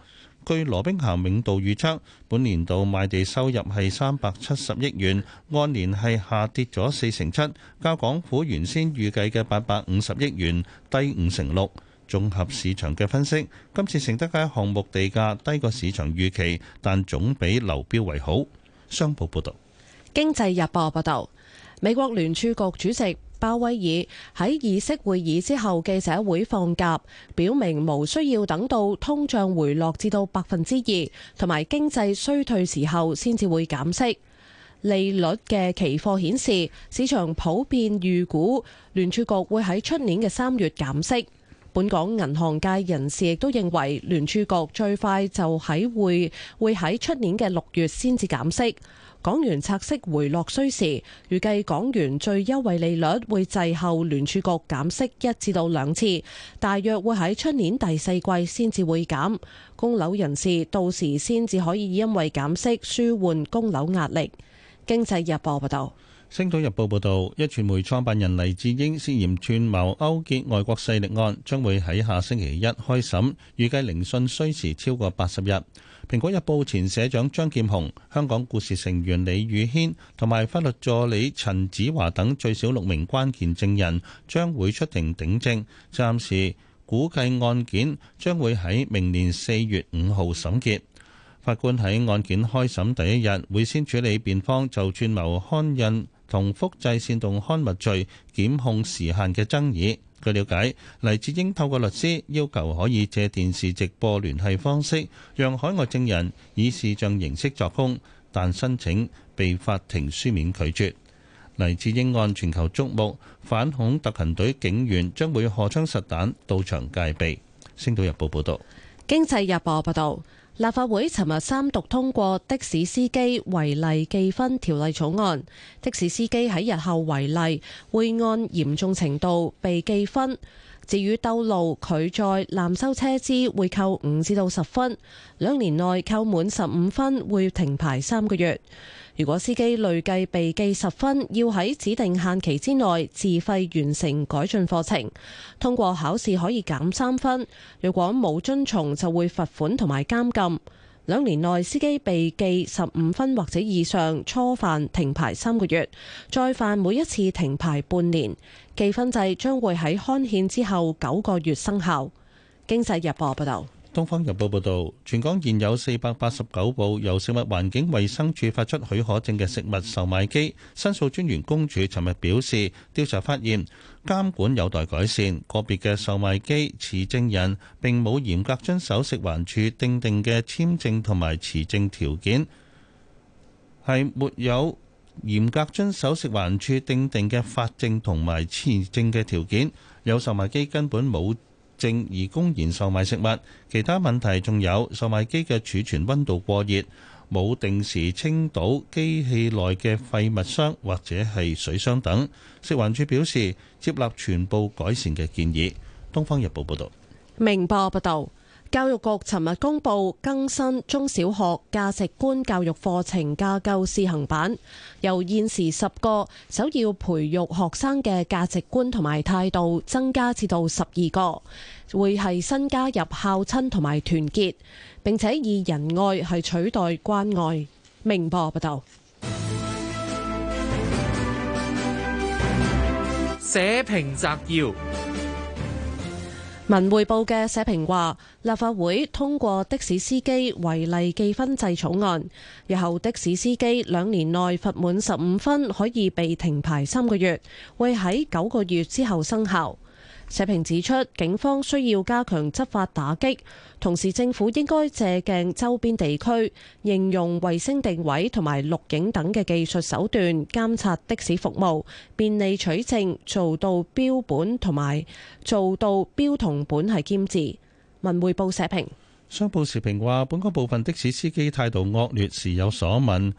據羅兵咸永道預測，本年度賣地收入係三百七十億元，按年係下跌咗四成七，較港府原先預計嘅八百五十億元低五成六。綜合市場嘅分析，今次成德嘅項目地價低過市場預期，但總比流標為好。商報報道，經濟日報報道，美國聯儲局主席鮑威爾喺議息會議之後記者會放鴿，表明無需要等到通脹回落至到百分之二，同埋經濟衰退時候先至會減息。利率嘅期貨顯示，市場普遍預估聯儲局會喺出年嘅三月減息。本港銀行界人士亦都認為聯儲局最快就喺會會喺出年嘅六月先至減息，港元拆息回落需時，預計港元最優惠利率會滯後聯儲局減息一至到兩次，大約會喺出年第四季先至會減，供樓人士到時先至可以因為減息舒緩供樓壓力。經濟日報報道。星島日報報道，一傳媒創辦人黎智英涉嫌串謀勾結外國勢力案，將會喺下星期一開審，預計聆訊需時超過八十日。蘋果日報前社長張劍虹、香港故事成員李宇軒同埋法律助理陳梓華等最少六名關鍵證人將會出庭頂證，暫時估計案件將會喺明年四月五號審結。法官喺案件開審第一日會先處理辯方就串謀刊印。同複製煽動刊物罪檢控時限嘅爭議。據了解，黎智英透過律師要求可以借電視直播聯繫方式，讓海外證人以視像形式作供，但申請被法庭書面拒絕。黎智英案全球矚目，反恐特勤隊警員將會荷槍實彈到場戒備。星島日報報導。經濟日報報道，立法會尋日三讀通過《的士司機違例記分條例草案》。的士司機喺日後違例，會按嚴重程度被記分。至於兜路拒載、濫收車資，會扣五至到十分；兩年內扣滿十五分，會停牌三個月。如果司機累計被記十分，要喺指定限期之內自費完成改進課程，通過考試可以減三分。如果冇遵從，就會罰款同埋監禁。兩年內司機被記十五分或者以上，初犯停牌三個月，再犯每一次停牌半年。記分制將會喺刊憲之後九個月生效。經濟日報報道。《東方日報》報道，全港現有489部由食物環境衞生署發出許可證嘅食物售賣機，申訴專員公署尋日表示，調查發現監管有待改善，個別嘅售賣機持證人並冇嚴格遵守食環署訂定嘅簽證同埋持證條件，係沒有嚴格遵守食環署訂定嘅發證同埋持證嘅條件，有售賣機根本冇，正而公然售賣食物，其他問題仲有售賣機嘅儲存溫度過熱，冇定時清倒機器內嘅廢物箱或者係水箱等。食環署表示接納全部改善嘅建議。東方日報報道，明報報道。教育局尋日公布更新中小學價值觀教育課程架構試行版，由現時十個首要培育學生嘅價值觀同埋態度，增加至到十二個，會係新加入孝親同埋團結，並且以仁愛係取代關愛。明報報道，社評摘要。文匯報嘅社評話，立法會通過的士司機違例記分制草案，日後的士司機兩年內罰滿十五分，可以被停牌三個月，會喺九個月之後生效。社評指出，警方需要加強執法打擊，同時政府應該借鏡周邊地區應用衛星定位同埋錄影等嘅技術手段，監察的士服務，便利取證，做到標本同埋做到標同本係兼治。文匯報社評，商報時評話，本港部分的士司機態度惡劣，時有所聞。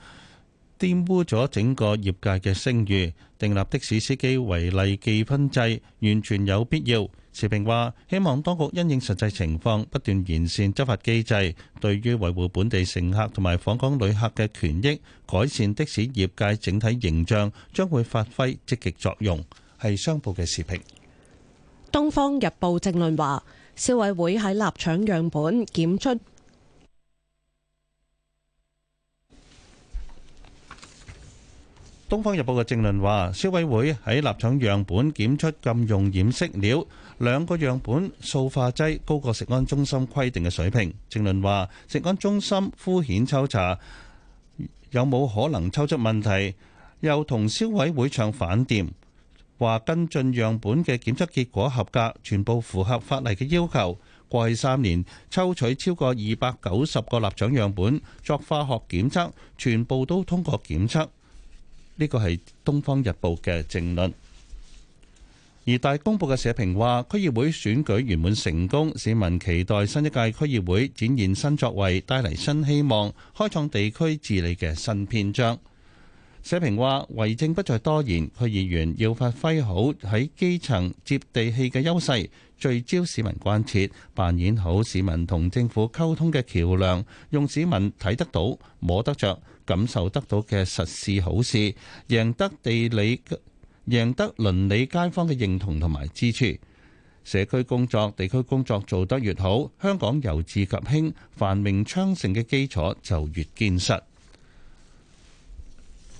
玷污咗整個業界嘅聲譽，訂立的士司機違例記分制完全有必要。時評話：希望當局因應實際情況，不斷完善執法機制，對於維護本地乘客同埋訪港旅客嘅權益，改善的士業界整體形象，將會發揮積極作用。係商報嘅時評，《東方日報》政論話，消委會喺臘腸樣本檢出。東方日報嘅正論話，消委會喺臘腸樣本檢出禁用染色料，兩個樣本塑化劑高過食安中心規定嘅水平。正論話，食安中心敷衍抽查有冇可能抽出問題，又同消委會唱反調，話跟進樣本嘅檢測結果合格，全部符合法例嘅要求。過去三年抽取超過二百九十個臘腸樣本作化學檢測，全部都通過檢測。呢個係《東方日報》嘅政論，而大公報嘅社評話：區議會選舉圓滿成功，市民期待新一屆區議會展現新作為，帶嚟新希望，開創地區治理嘅新篇章。社評話：「為政不在多言，區議員要發揮好喺基層接地氣嘅優勢，聚焦市民關切，扮演好市民同政府溝通嘅橋梁，用市民睇得到、摸得着、」感受得到嘅實事好事，贏得地理、贏得鄰里街坊嘅認同同埋支持。社區工作、地區工作做得越好，香港由治及興、繁榮昌盛嘅基礎就越堅實。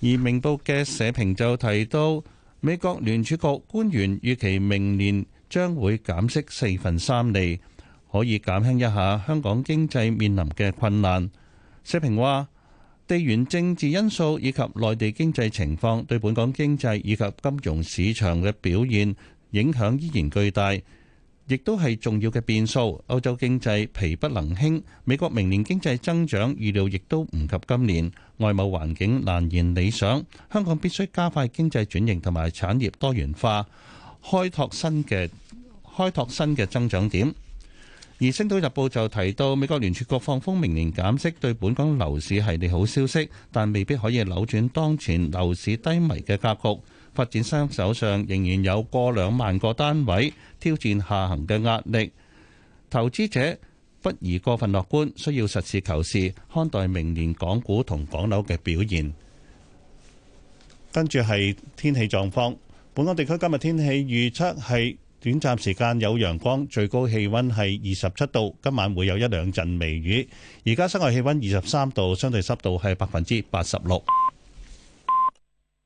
而明報嘅社評就提到，美國聯儲局官員預期明年將會減息四分三厘，可以減輕一下香港經濟面臨嘅困難。社評話。地緣政治因素以及內地經濟情況對本港經濟以及金融市場嘅表現影響依然巨大，亦都係重要嘅變數。歐洲經濟疲不能興，美國明年經濟增長預料亦都唔及今年，外貿環境難言理想。香港必須加快經濟轉型同埋產業多元化，開拓新嘅開拓新嘅增長點。而《星島日報》就提到，美國聯儲局放風明年減息，對本港樓市係利好消息，但未必可以扭轉當前樓市低迷嘅格局。發展商手上仍然有過兩萬個單位，挑戰下行嘅壓力。投資者不宜過分樂觀，需要實事求是看待明年港股同港樓嘅表現。跟住係天氣狀況，本港地區今日天氣預測係。短暫時間有陽光，最高氣溫係二十七度。今晚會有一兩陣微雨。而家室外氣溫二十三度，相對濕度係百分之八十六。